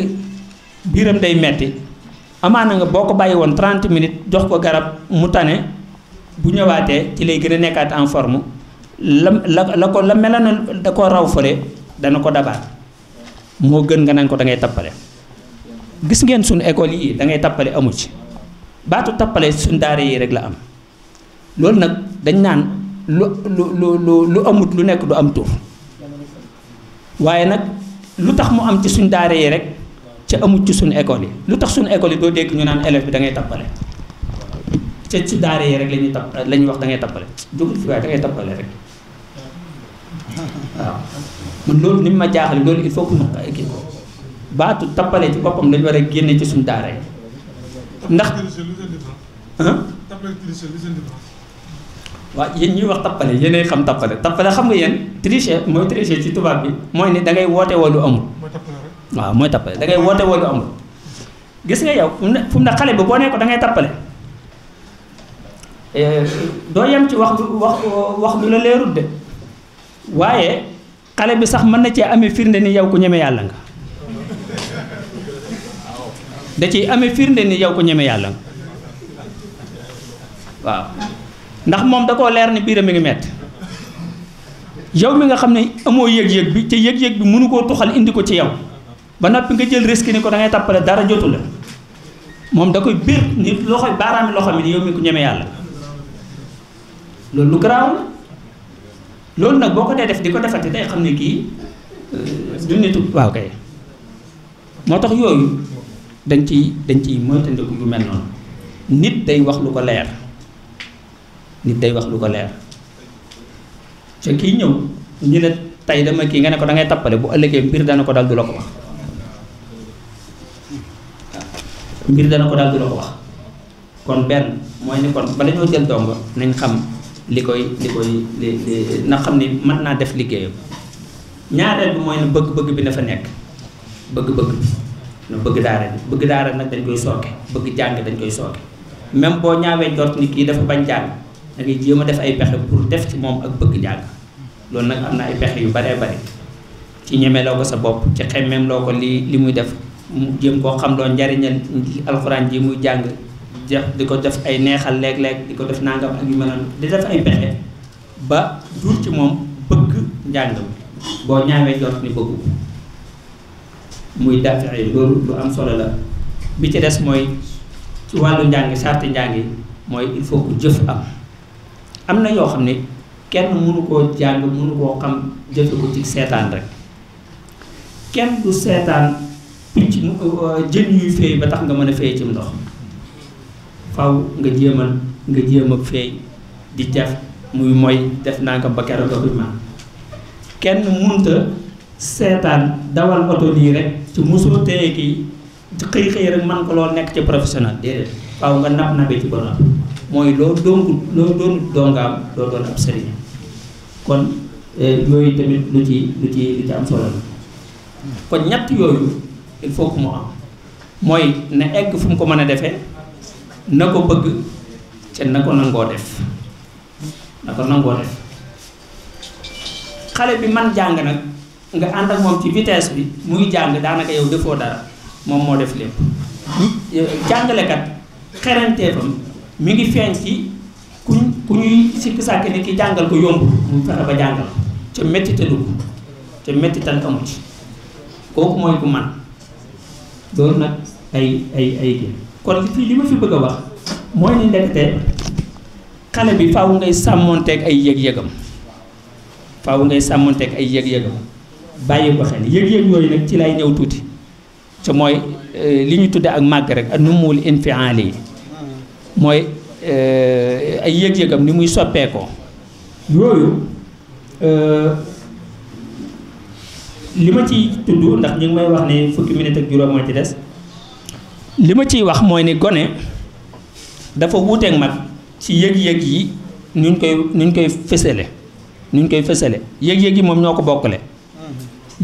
biiram day metti amaana nga boo ko bàyyi woon 30 minutes jox ko garab mu tane bu ñëwaatee ci lay gën a nekkaat en forme la la la ko la meloon da ko raw fële dana ko dabaat moo gën nga nañ ko dangay tappale gis ngeen suñu école yi da ngay tappale amu ci baatu tappale suñ daara yi rek la am loolu nag dañ naan lu lu lu lu amut lu nekk du am tur waaye nag lu tax mu am ci suñ daara yi rek ca amut ci suñu école yi lu tax suñu école yi doo dégg ñu naan élève bi da ngay tappale ca ci daara yi rek la ñuy tapp la ñuy wax dangay ngay tappale jógul fi waaye da tappale rek waaw man loolu ni mu ma jaaxale loolu il faut que ma kii ko baatu tappale ci boppam lañu war a génne ci suñu daara yi ndax ah waaw yéen ñuy wax tappale yéenay xam tappale tappale xam nga yéen tricher mooy tricher ci tubaab bi mooy ne dangay woote wolu amul waaw mooy tappale dangay woote wolu amul gis nga yow fu mu ne xale bi boo ne dangay tappale eh, doo yem ci wax wax wax lu la leerul de waaye xale bi sax mën na cee amee firnde ni yow ku ñeme yàlla nga da ci ame firnde ni yow ku ñeme yàlla nga waaw ndax moom da koo leer ni biiram mi ngi metti yow mi nga xam ne amoo yëg-yëg bi te yëg-yëg bi mënu koo tuxal indi ko ci yow ba noppi nga jël risque ni ko da ngay tàppale dara jotu la moom da koy biir ni loxo baaraami loxo mi ni yow mi ku ñeme yàlla lu garaaw la loolu nag boo ko dee def di ko defante day xam ne kii euh, du nitu waaw kay moo tax yooyu dañ ci dañ ciy moytandiku lu mel noonu nit day wax lu ko leer nit day wax lu ko leer te kii ñëw ñu ne tey dama kii nga ne ko da ngay tappale bu ëllëgee mbir dana ko dal du la ko wax mbir dana ko dal du la ko wax kon benn mooy ni kon bala ñoo jël dongo nañ xam li koy li koy li li na xam ne mën naa def liggéeyam ñaareel bi mooy ne bëgg-bëgg bi na fa nekk bëgg-bëgg bi na bëgg daara bi bëgg daara nag dañ koy sooke bëgg jàng dañ koy sooke même boo ñaawee jort ni kii dafa bañ jàng da jéem a def ay pexe def ci moom ak bëgg jàng loolu nag am na ay pexe yu baree bari ci ñeme loo ko sa bopp ci xemmeem loo ko li li muy def mu jéem koo xam loo njariñal alxuraan ji muy jàng jeex di ko def ay neexal léeg-léeg di ko def nangam ak yu mel noonu di def ay pexe ba jur ci moom bëgg njàngam boo ñaawee jot ni bëggu muy daafee loolu lu am solo la bi ci des mooy ci wàllu njàng sarti njàng yi mooy il faut que jëf am am na yoo xam ne kenn mënu koo jàng mënu koo xam jëfe ko ci seetaan rek kenn du seetaan picc jën yuy fay ba tax nga mën a fay ci ndox faw nga jéemal nga jéem a feeñ di def muy mooy def naa ko ba keroog ak kenn munta seetaan dawal oto nii rek su mosoo téye kii xëy xëy rek man ko loo nekk ci professional déedéet faw nga nab nabe ci bonam mooy loo doonul loo doonul dongaam loo doon ab sëriñ kon eh, yooyu tamit lu ci lu ci lu ci am solo la kon ñett yooyu il faut mu am mooy ne egg fu mu ko mën a defee na ko bëgg ca na ko nangoo def na ko nangoo def xale bi man jàng nag nga ànd ak moom ci vitesse bi muy jàng daanaka yow defoo dara moom moo def lépp jàngalekat xeranteefam mi ngi feeñ ci ku ku ñuy sikk sàkk ni ki jàngal ko yomb mu fexe ba jàngal ca méttitalu ko ca méttital amu ci kooku mooy ku man loolu nag ay ay ay génn kon li fi li ma fi bëgg a wax mooy ni ndekete xale bi faaw ngay sàmmoonteeg ay yëg-yëgam faaw ngay sàmmoonteeg ay yëg-yëgam bàyyi ko xel yëg-yëg yooyu nag ci lay ñëw tuuti te mooy euh, li ñu tudde ak màgg rek ak numuwul infiaali yi mooy euh, ay yëg-yëgam ni muy soppeekoo yooyu euh, li ma ciy tudd ndax ñu ngi may wax ne fukki minute ak juróom moo ci des li ma ciy wax mooy ni gone dafa wuuteeg mag ci yëg-yëg yi nuñ koy nuñ koy fësale nuñ koy fësale yëg-yëg yi moom ñoo ko bokkale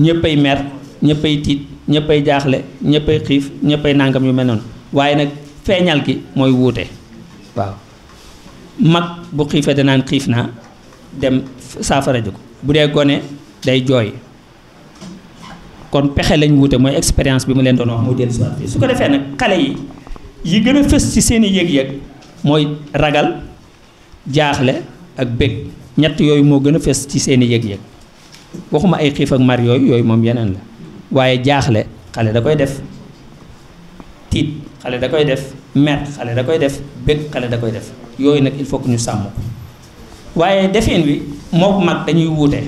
ñëppay mer ñëppay tiit ñëppay jaaxle ñëppay xiif ñëppay nàngam yu mel noonu waaye nag feeñal gi mooy wuute waaw mag bu xiifee danaan xiif naa dem saafara ji ko bu dee gone day jooy kon pexe lañ wuute mooy expérience bi mu leen doon wax mooy dellusiwaat fii su ko defee nag xale yi yi gën a fës ci seeni i yëg-yëg mooy ragal jaaxle ak bëgg ñett yooyu moo gën a fës ci seeni i yëg-yëg waxuma ay xiif ak mar yooyu yooyu moom yeneen la waaye jaaxle xale da koy def tiit xale da koy def mer xale da koy def bëgg xale da koy def yooyu nag il faut que ñu sàmm ko waaye defin wi mook mag dañuy wuute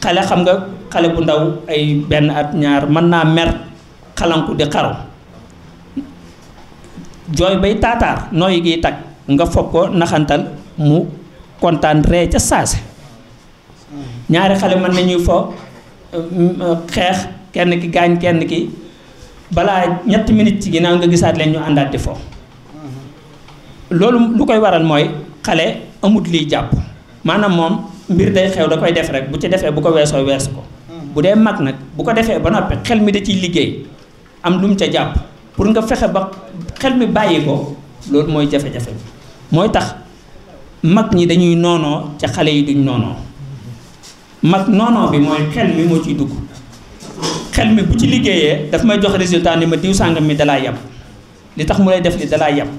xale xam nga. xale bu ndaw ay benn at ñaar man naa mer xalanku di xaru jooy bay taataar nooy gi tag nga foog ko naxantal mu kontaan ree ca saase ñaari xale mën nañuy fo xeex kenn ki gaañ kenn ki balaa ñetti minutes ci ginnaaw nga gisaat leen ñu àndaat di fo loolu lu koy waral mooy xale amut liy jàpp maanaam moom mbir day xew da koy def rek bu ci defee bu ko weesoo weesu ko bu dee mag nag bu ko defee ba noppi xel mi da ciy liggéey am lu mu ca jàpp pour nga fexe ba xel mi bàyyi ko loolu mooy jafe-jafe mooy tax mag ñi dañuy noonoo ca xale yi duñ noonoo mag noonoo bi mooy xel mi moo ciy dugg xel mi bu ci liggéeyee dafa may jox résultat ni ma diw sàngam mi dalaa yàpp li tax mu lay def li dalaa yàpp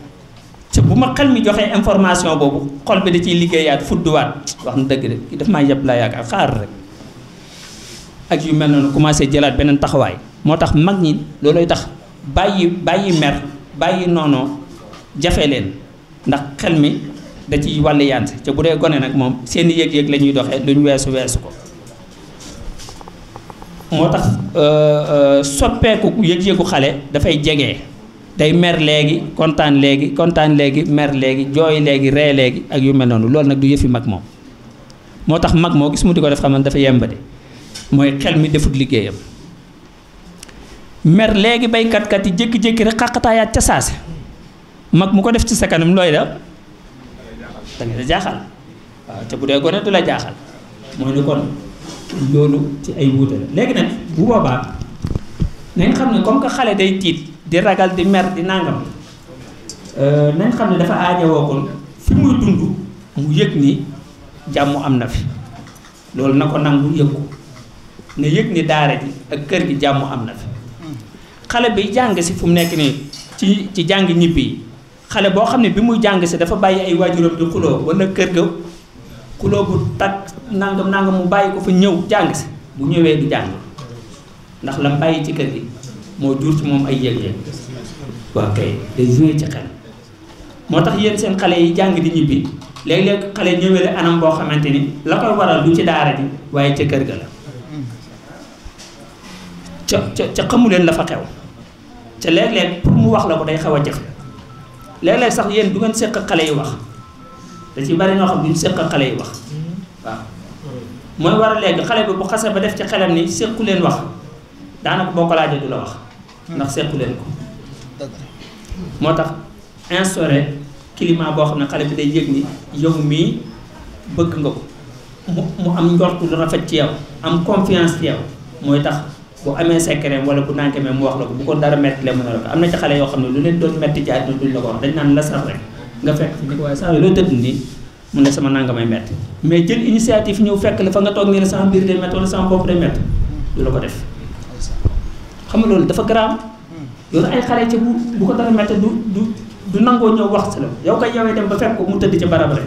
te bu ma xel mi joxee information boobu xol bi da ciy liggéeyaat fudduwaat wax na dëgg de daf maa yàpp laa yaakaar xaar rek ak yu mel noonu commencé jalaat beneen taxawaay moo tax mag ñi loolooy tax bàyyi bàyyi mer bàyyi noonu jafe leen ndax xel mi da ciy wàll yant ca bu dee gone nag moom seen yëg-yëg la ñuy doxee lu ñu weesu weesu ko moo tax euh, euh, soppeeku yëg-yëgu xale dafay jege day mer léegi kontaan léegi kontaan léegi mer léegi jooy léegi ree léegi ak yu mel noonu loolu nag du yëfi mag moom moo tax mag moo gis mu di ko def xamal dafa yembade mooy xel mi defut liggéeyam mer léegi baykat kat yi jékki-jékki rek xàqataayaat ca saase mag mu ko def ci sa kanam looy da da jaaxal waaw te bu dee gone du la jaaxal mooy ni kon loolu ci ay wuute la léegi nag bu boobaa nañ xam ne comme que xale day tiit di ragal di mer di nangam euh, nañ xam ne dafa aajowoo kon fi muy dund mu yëg ni jàmm am na fi loolu na ko nangu yëg nga yëg ni daara ji ak kër gi jàmm am na fi xale bi jàng si fu mu nekk nii ci ci jàng ñibbi yi xale boo xam ne bi muy jàng si dafa bàyyi ay waajuram di xuloo wala kër ga xuloo bu takk nangam nangam mu bàyyi ko fa ñëw jàng si bu ñëwee du jàng ndax la bàyyi ci kër gi moo jur ci moom ay yëg-yëg waaw kay day joué ci xel moo tax yéen seen xale yi jàng di ñibbi léeg-léeg xale ñëwee anam boo xamante ni la koy waral du ci daara di waaye ca kër ga ca ca ca xamu leen la fa xew ca léeg-léeg pour mu wax la ko day xaw a jafe léeg-léeg sax yéen du ngeen seq xale yi wax da ci bari ñoo xam duñ seq xale yi wax waaw mooy war a léegi xale bi bu xase ba def ci xelam ni sequ leen wax daanaka boo ko laajee du la wax ndax sequ leen ko moo tax instauré climat boo xam ne xale bi day yëg ni yow mii bëgg nga ko mu mu am njortu lu rafet ci yow am confiance ci yow mooy tax bu amee secret wala bu nànkee mu wax la ko bu ko dara metti le mu ne la ko am na ci xale yoo xam ne lu leen doon metti ci àdduna duñ la ko wax dañ naan la sax rek nga fekk fi ni waaye saa mais jël initiative ñëw fekk la fa nga toog nii la sama biir day metti wala sama bopp day metti la ko def xam nga loolu dafa garaaw yow ay bu bu ko dara metti du du du nangoo ñëw wax si la yow kay yowee dem ba fekk ko mu tëdd ca barab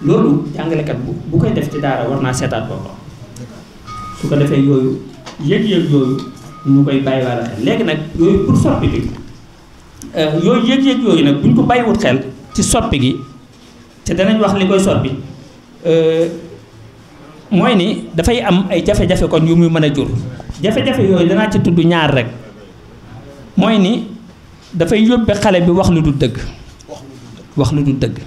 loolu jàngalekat bu bu koy def ci daara war naa seetaat boppam su ko defee yooyu yëg-yëg yooyu ñu koy bàyyi wala xel léegi nag yooyu pour soppi bi euh, yooyu yëg-yëg nag bu ñu ko bàyyiwut xel ci soppi gi te danañ wax li koy soppi euh, mooy ni dafay am ay jafe-jafe kon yu muy mën a jur jafe-jafe yooyu danaa ci tudd ñaar rek mooy ni dafay yóbbe xale bi wax lu du dëgg wax lu du dëgg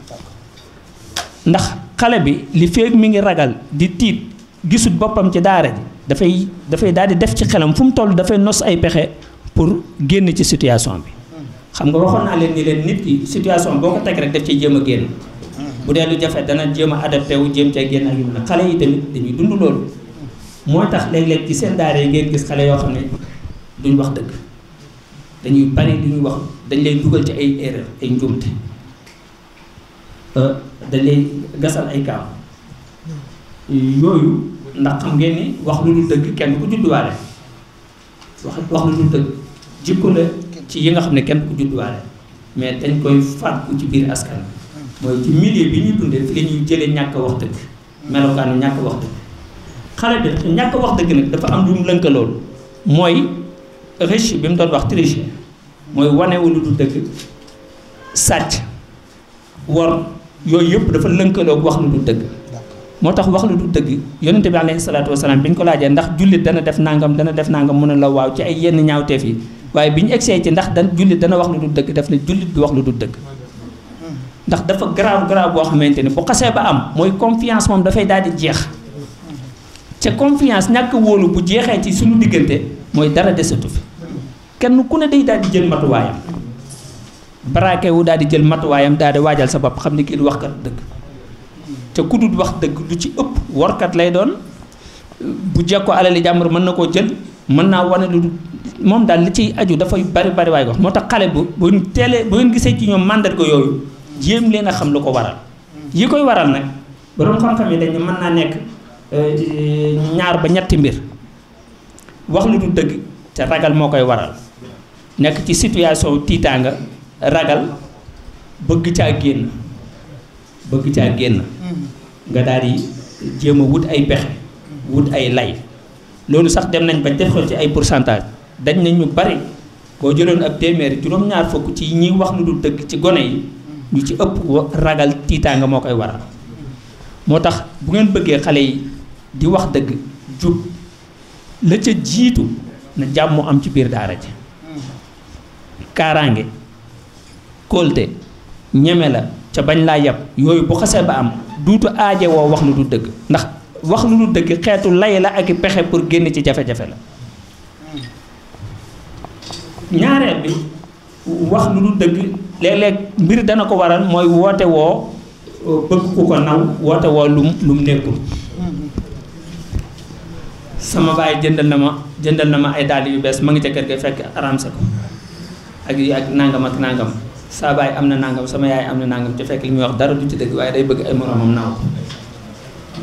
ndax xale bi li feeg mi ngi ragal di tiit gisut boppam ci daara ji dafay dafay daal di def ci xelam fu mu toll dafay nos ay pexe pour génn ci situation bi xam nga waxoon naa leen ni leen nit ki situation boo ko teg rek daf ci jéem a génn bu dee lu jafe dana jéem a adapté wu jéem génn ak yu ne xale yi tamit dañuy dund loolu moo tax léeg-léeg ci seen daara yi ngeen gis xale yoo xam ne duñ wax dëgg dañuy bari duñu wax dañ leen dugal ci ay erreur ay njuumte euh, dañ lay gasal ay kaaw yooyu ndax xam ngeen ni wax lu dul dëgg kenn ku judduwaale wax wax lu dul dëgg jikko la ci yi nga xam ne kenn ku judduwaale mais dañ koy fàtku ci biir askan mooy ci milieu bi ñuy dundee fi la ñuy jëlee ñàkk wax dëgg melokaanu ñàkk wax dëgg xale bi ñàkk wax dëgg nag dafa am lu mu mooy riche bi mu doon wax triche mooy wanewu lu dul dëgg sàcc war yooyu yëpp dafa lënkaloog wax lu dul dëgg moo tax wax lu du dëgg yonente bi alayhi salaatu wasalaam bi ñu ko laajee ndax jullit dana def nangam dana def nangam mu a la waaw ci ay yenn ñaawteef yi waaye bi ñu egsee ci ndax dan jullit dana wax lu du dëgg def ne jullit du wax lu du dëgg ndax dafa garaaw garaaw boo xamante ni bu xasee ba am mooy confiance moom dafay daal di jeex ca confiance ñàkk wóolu bu jeexee ci suñu diggante mooy dara desatu fi kenn ku ne day daal di jël matuwaayam baraake wu daal di jël matuwaayam daal di waajal sa bopp xam ne kii wax kat dëgg te ku dul wax dëgg lu ci ëpp warkat lay doon bu jekkoo alali jàmbur mën na koo jël mën naa wane lu moom daal li ciy aju dafay bari bari waay wax moo tax xale bu bu teelee bu ngeen gisee ci ñoom màndargo yooyu jéem leen a xam lu ko waral yi koy waral nag borom xam-xam yi dañu mën naa nekk euh, ñaar ba ñetti mbir wax lu du dëgg te ragal moo koy waral nekk ci situation tiitaanga ragal bëgg caa génn bëgg caa génn mm-hmm. nga daal di jéem a wut ay pexe wut ay lay loolu sax dem nañ ba def ko ci ay pour pourcentage dañ nañ ñu bari boo jëloon ab téeméeri juróom-ñaar fukk ci ñi wax lu dul dëgg ci gone yi ñu ci ëpp ragal tiitaanga moo koy waral moo tax bu ngeen bëggee xale yi di wax dëgg jub la ca jiitu na jàmm am ci biir daara ji mm-hmm. kaaraange kóolte ñeme la ca bañ laa yab yooyu bu xasee ba am duutu aaje woo wax lu du dëgg ndax wax lu du dëgg xeetu lay la ak pexe pour génn ci jafe-jafe la ñaareel bi wax lu du dëgg léeg-léeg mbir dana ko waral mooy woote woo euh, bëgg ku ko naw woote woo lum lu mu nekkul sama baay jëndal na ma jëndal na ma ay dàll yu bees ma ngi ca kër ga fekk aramse ko ak ak nangam ak nangam saa baay am na nangam sama yaay am na nangam te fekk li muy wax dara du ci dëgg waaye day bëgg ay moroomam naaw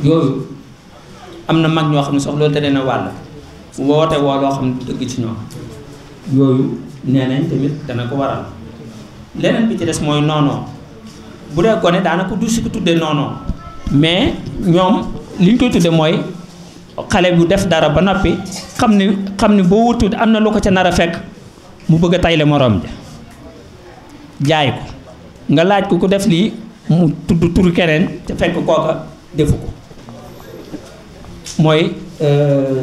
yooyu am na mag ñoo xam ne sax loolu te na wàll woote woo loo xam ne du dëgg ci ñoom dana ko waral leneen bi ci des mooy noonoo bu dee gone daanaka du si ko tuddee noonoo mais ñoom li ñu koy tuddee mooy xale bu def dara ba noppi xam ne xam ne boo wutu am na lu ko ca nar a fekk mu bëgg a tayle moroom ja jaay ko nga laaj ko ku def lii mu tudd tur keneen te fekk kooka defu ko mooy euh,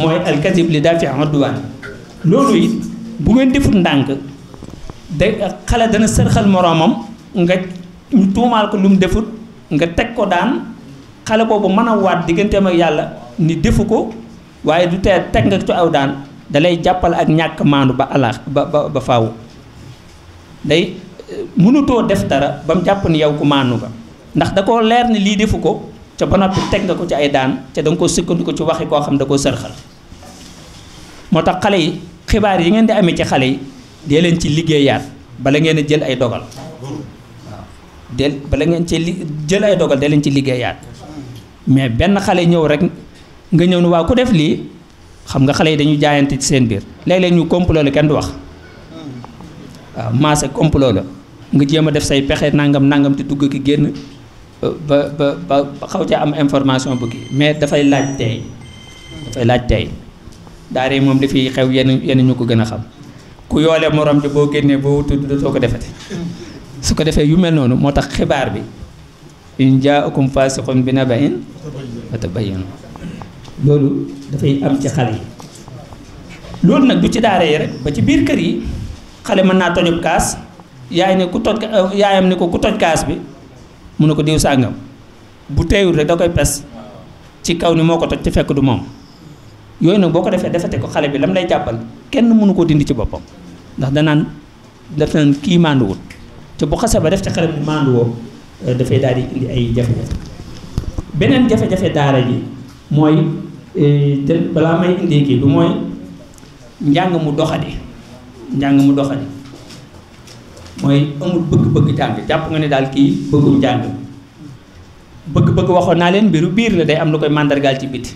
mooy alkasib li daal fi am duwaan loolu it bu ngeen defut ndànk de xale dana sërxal moroomam nga ñu tuumaal ko lu mu defut nga teg ko daan xale boobu mën a waat digganteem ak yàlla ni defu ko waaye du tee teg nga ci aw daan dalay jàppal ak ñàkk maandu ba alaax ba ba ba faaw day euh, mënutoo def dara ba mu jàpp ni yow ku maanu nga ndax da koo leer ne lii defu ko ca ba teg nga ko ci ay daan te danga nga koo sukkandiku ci waxi koo xam da koo sërxal moo tax xale yi xibaar yi ngeen di amee ci xale yi dee leen ci liggéeyaat bala ngeen a jël ay dogal waaw deel bala ngeen ci li jël ay dogal dee leen ci liggéeyaat mais benn xale ñëw rek nga ñëw ni waaw ku def lii xam nga xale yi dañuy jaayante ci seen biir léeg-léeg ñu complot la kenn du wax waaw maase complot la nga jéem a def say pexe nangam nangam te dugg ki génn euh, ba ba ba xaw ca am information bu mais dafay laaj tey dafay laaj tey daare moom li fi xew yenn yenn ñu ko gën a xam ku yoole moroom ji boo génnee boo tudd dootoo ko defete su ko defee yu mel noonu moo tax xibaar bi in jaakum fasiqun bi naba'in fatabayyanu loolu dafay am ci xale yi loolu nag du ci daara yi rek ba ci biir kër yi xale man naa tojub kaas yaay ne ku toj yaayam ne ko ku toj kaas bi mun ne ko diw sàngam bu teeyul rek da koy pes ci kaw ni moo ko toj te fekk du moom yooyu nag boo ko defee defate ko xale bi lam lay jàppal kenn mënu koo dindi ci boppam ndax danaan def naan kii mànduwul te bu xase ba def ci xale bu mànduwoo euh, dafay daal di indi ay jafe-jafe beneen jafe-jafe daara ji mooy euh, balaa may indi kii bi mooy njàng mu doxade njàng mu doxali mooy amul bëgg-bëgg jàng jàpp nga ne daal kii bëggum jàng bëgg-bëgg waxoon naa leen mbiru biir la day am lu koy màndargaal ci biti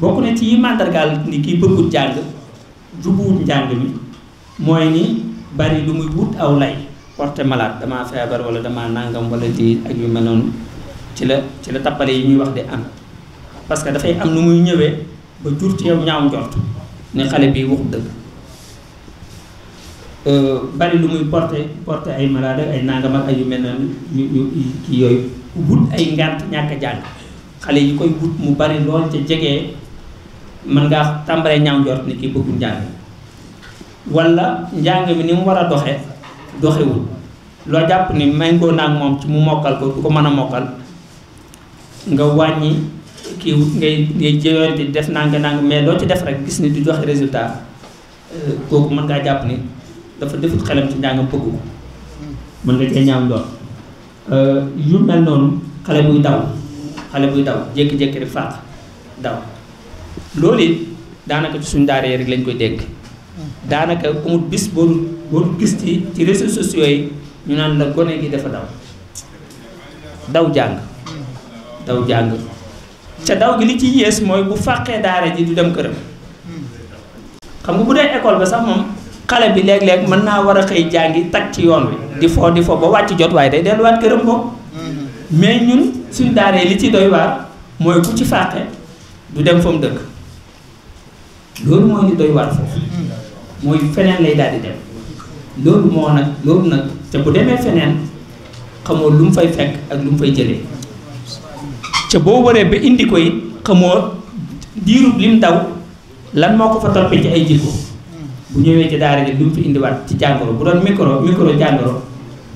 bokk na ci yi màndargaal ni kii bëggul jàng jubuwut njàng mi mooy ni bari lu muy wut aw lay porte malade damaa feebar wala damaa nangam wala di ak yu mel noonu ci la ci la tappale yi ñuy wax di am parce que dafay am nu muy ñëwee ba jur ci yow ñaaw njort ne xale bi waxut dëgg Euh, bari lu muy porté porté ay malade ay nangam ak ay yu mel noonu ñu ñu kii yooyu wut ay ngànt ñàkk a jàng xale yi koy wut mu bari lool ca jege mën ngaa tàmbalee ñaaw njort ni kii bëggu njàng wala njàng mi ni mu war a doxe doxewul loo jàpp ni méngoo naa ak moom ci mu mokkal ko ku ko mën a mokkal nga wàññi kii ngay ngay jëyoonte def nang nang mais loo ci def rek gis ni du joxe résultat euh, kooku mën ngaa jàpp ni dafa defut xelam ci njàngam bëgg ko mën nga cee ñaam lool euh, yu mel noonu xale buy daw xale buy daw jékki-jékki rek fàq daw loolu it daanaka ci suñu daaree rek lañ koy dégg daanaka amul bis boo gis ci ci réseaux sociaux yi ñu naan la gone gi dafa daw daw jàng daw jàng ca daw gi li ci yées mooy bu fàqee daara ji du dem këram xam nga bu dee école ba sax moom xale bi léeg-léeg mën naa war a xëy jàngi tag ci yoon wi di fo di fo ba wàcc jot waaye day delluwaat këram moom mm-hmm. mais ñun suñu li ci doy waat mooy ku ci fàqe du dem fa mu dëkk loolu mooy li doy waar foofu mm-hmm. mooy feneen lay daal dem loolu moo nag loolu nag te bu demee feneen xamoo lu mu fay fekk ak lu mu fay jële ca boo waree ba indi ko it xamoo diirub lim daw lan moo ko fa toppee ci ay jikko bu ñëwee ci daara ji lu mu fi indiwaat ci jàngoro bu doon micro micro jàngoro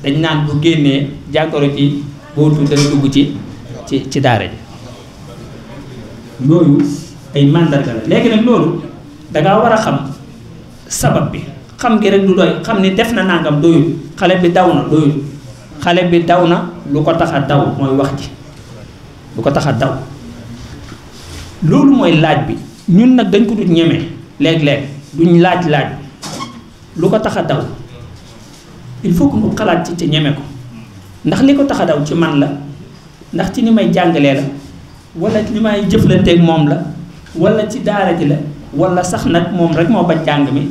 dañ naan bu génnee jàngoro ci bootu dana dugg ci ci ci daara ji yooyu ay màndarga la léegi nag loolu dangaa war a xam sabab bi xam ngi rek lu doy xam ni def na nangam doyul xale bi daw na doyul xale bi daw na lu ko tax a daw mooy wax ji lu ko tax a daw loolu mooy laaj bi ñun nag dañ ko dut ñeme léeg-léeg duñ laaj laaj lu ko tax a daw il faut que mu xalaat ci ci ñeme ko ndax li ko tax a daw ci man la ndax ci ni may jàngalee la wala ci ni may jëflanteeg moom la wala ci daara ji la wala sax nag moom rek moo bañ jàng mi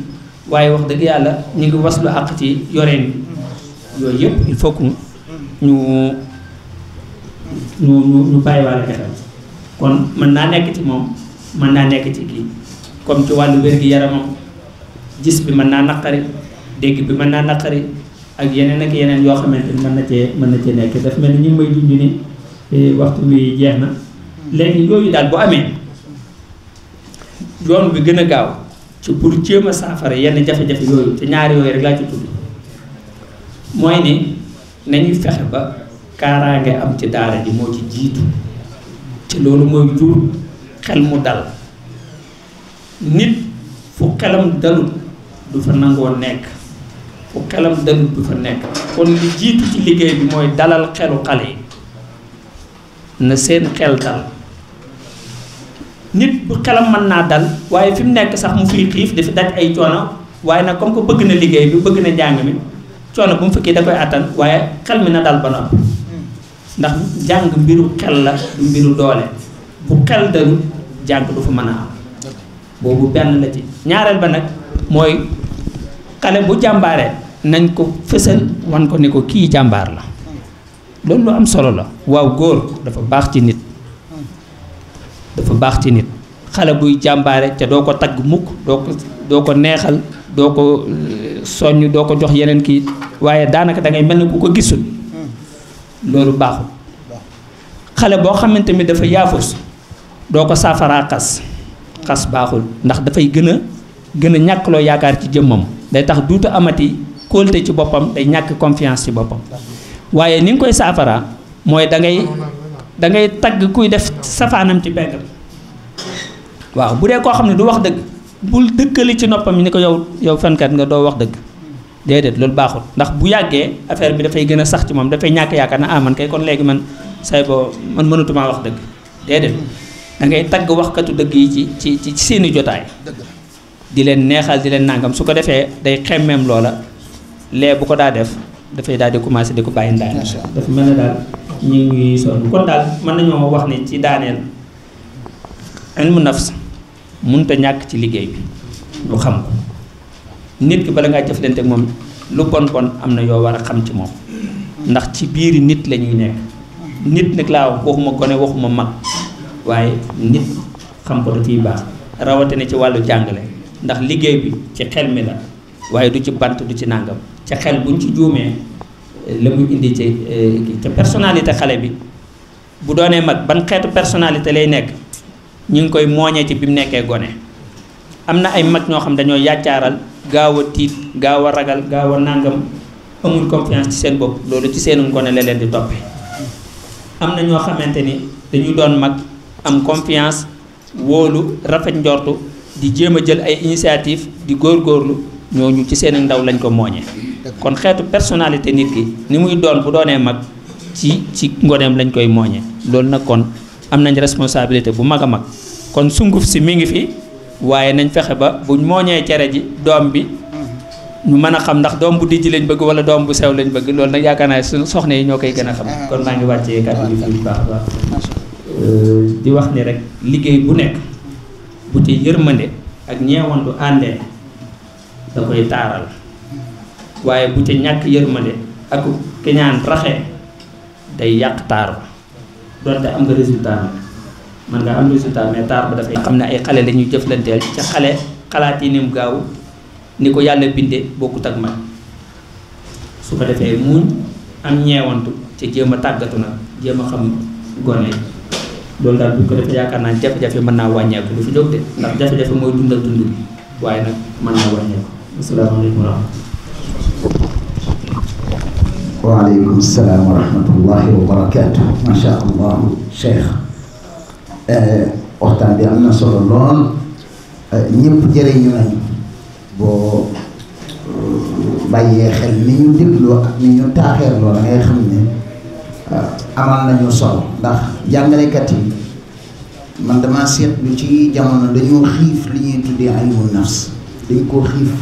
waaye wax dëgg yàlla ñu ngi lu àq ci yoreen bi yooyu yëpp il faut que ñu ñu ñu bàyyiwaale kon mën naa nekk ci moom mën naa nekk ci kii. comme ci wàllu wér-gi-yaramam gis bi mën naa naqari dégg bi mën naa naqari ak yeneen ak yeneen yoo xamante ni mën na cee mën na cee nekk daf mel ni ñu may junj ni eh, waxtu wi jeex na léegi yooyu daal bu amee yoon bi gën a gaaw ci pour jéem saafara yenn jafe-jafe yooyu te ñaari yooyu rek laa ci tudd mooy ni nañuy fexe ba kaaraange am ci daara ji moo ci jiitu ci loolu mooy jur xel mu dal nit fu xelam dalul du fa nangoo nekk fu xelam dalul du fa nekk kon li jiitu ci liggéey bi mooy dalal xelu xale yi na seen xel dal nit bu xelam mën naa dal waaye fi mu nekk sax mu fiy xiif dafa daj ay coono waaye na comme que bëgg na liggéey bi bëgg na njàng mi coono bu mu fekkee da koy attan waaye xel mi na dal ba noppi ndax jàng mbiru xel la du mbiru doole bu xel dalul jàng du fa mën a am boobu benn la ci ñaareel ba nag mooy xale bu jàmbaaree nañ ko fësal wan ko ne ko kii jàmbaar la loolu lu am solo la waaw góor dafa baax ci nit dafa baax ci nit xale buy jàmbaare te doo ko tagg mukk doo ko neexal doo ko euh, soññ doo ko jox yeneen kii waaye daanaka dangay mel ne ku ko gisul loolu baaxul xale boo xamante ni dafa yaafus doo ko saafaraa xas xas baaxul ndax dafay gën a gën a ñàkkloo yaakaar ci jëmmam day tax duutu amati kóolte ci boppam day ñàkk confiance ci boppam waaye ni nga koy saafara mooy da ngay da ngay tagg kuy def safaanam ci pegg waaw bu dee koo xam ne du wax dëgg bul dëkkali ci noppam ni ko yow yow fenkat nga doo wax dëgg déedéet loolu baaxul ndax bu yàggee affaire bi dafay gën a sax ci moom dafay ñàkk yaakaar na ah man kay kon léegi man say boo man mënatumaa wax dëgg déedéet dangay ngay tagg waxkatu dëgg yi ci ci ci seeni jotaay di leen neexal di leen nàngam su ko defee day xemeem loola lee bu ko daa def dafay daal di commencé di ko bàyyi ndaan dafa mel ne daal daal mën nañoo wax ni ci daaneel ilmu nafs mënut a ñàkk ci liggéey bi lu xam ko nit ki bala ngaa jëflante ak moom lu bon bon am na yoo war a xam ci moom ndax ci biiri nit lañuy ñuy nekk nit nag laa wax waxuma gone waxuma mag waaye nit xam ko da ciy baax rawatina ci wàllu jàngale ndax liggéey bi ci xel mi la waaye du ci bant du ci nàngam ca xel buñ ci juumee la muy indi ci eh, ca personnalité xale bi bu doonee mag ban xeetu personnalité lay nekk ñu ngi koy mooñee ci bi mu nekkee gone am na ay mag ñoo xam dañoo yàccaaral gaaw a tiit gaaw a ragal gaaw a nàngam amul confiance ci seen bopp loolu ci seenu ngone la leen di toppe am na ñoo xamante ni dañu doon mag am confiance wóolu rafet njortu di jéem a jël ay initiative di góor góorgóorlu ñooñu ci seen ndaw lañ ko mooñee kon xeetu personnalité nit ki ni muy doon bu doonee mag ci ci ngoneem lañ koy mooñee loolu nag kon am nañ responsabilité bu mag a mag kon sunguf si mi ngi fi waaye nañ fexe ba buñ mooñee cere ji doom bi ñu mën a xam ndax doom bu dijj lañ bëgg wala doom bu sew lañ bëgg loolu nag yaakaar naa suñu soxna yi ñoo koy gën a xam kon maa ngi wàccee di wax ni rek liggéey bu nekk bu ci yërmande ak ñeewantu àndee da koy taaral waaye bu ca ñàkk yërmande ak keñaan raxee day yàq taar ba donte am nga résultat nag man nga am résultat mais taar ba dafay xam ne ay xale la ñuy jëflanteel ci xale xalaat yi ni mu gaaw ni ko yàlla bindee bokkut ak mag su ko defee muuñ am ñeewantu ci jéem a tàggatu nag jéem a xam gone loolu daal bu ko defee yaakaar naa jafe-jafe man naa wàññeeku lu fi jóg de ndax jafe-jafe mooy dundal dund bi waaye nag mën naa wàññeeku. asalaamaaleykum wa rahmatulah. waaleykum salaam wa eh, waxtaan bi am na solo lool eh, ñëpp jëriñu nañu boo bàyyee xel ni ñu dégloo ak ni ñu taaxeerloo da ngay xam ne. Ah, amal nañu solo ndax jàngalekat yi man dama seetlu ci jamono dañoo xiif li ñuy tuddee ilmu nafs dañ ko xiif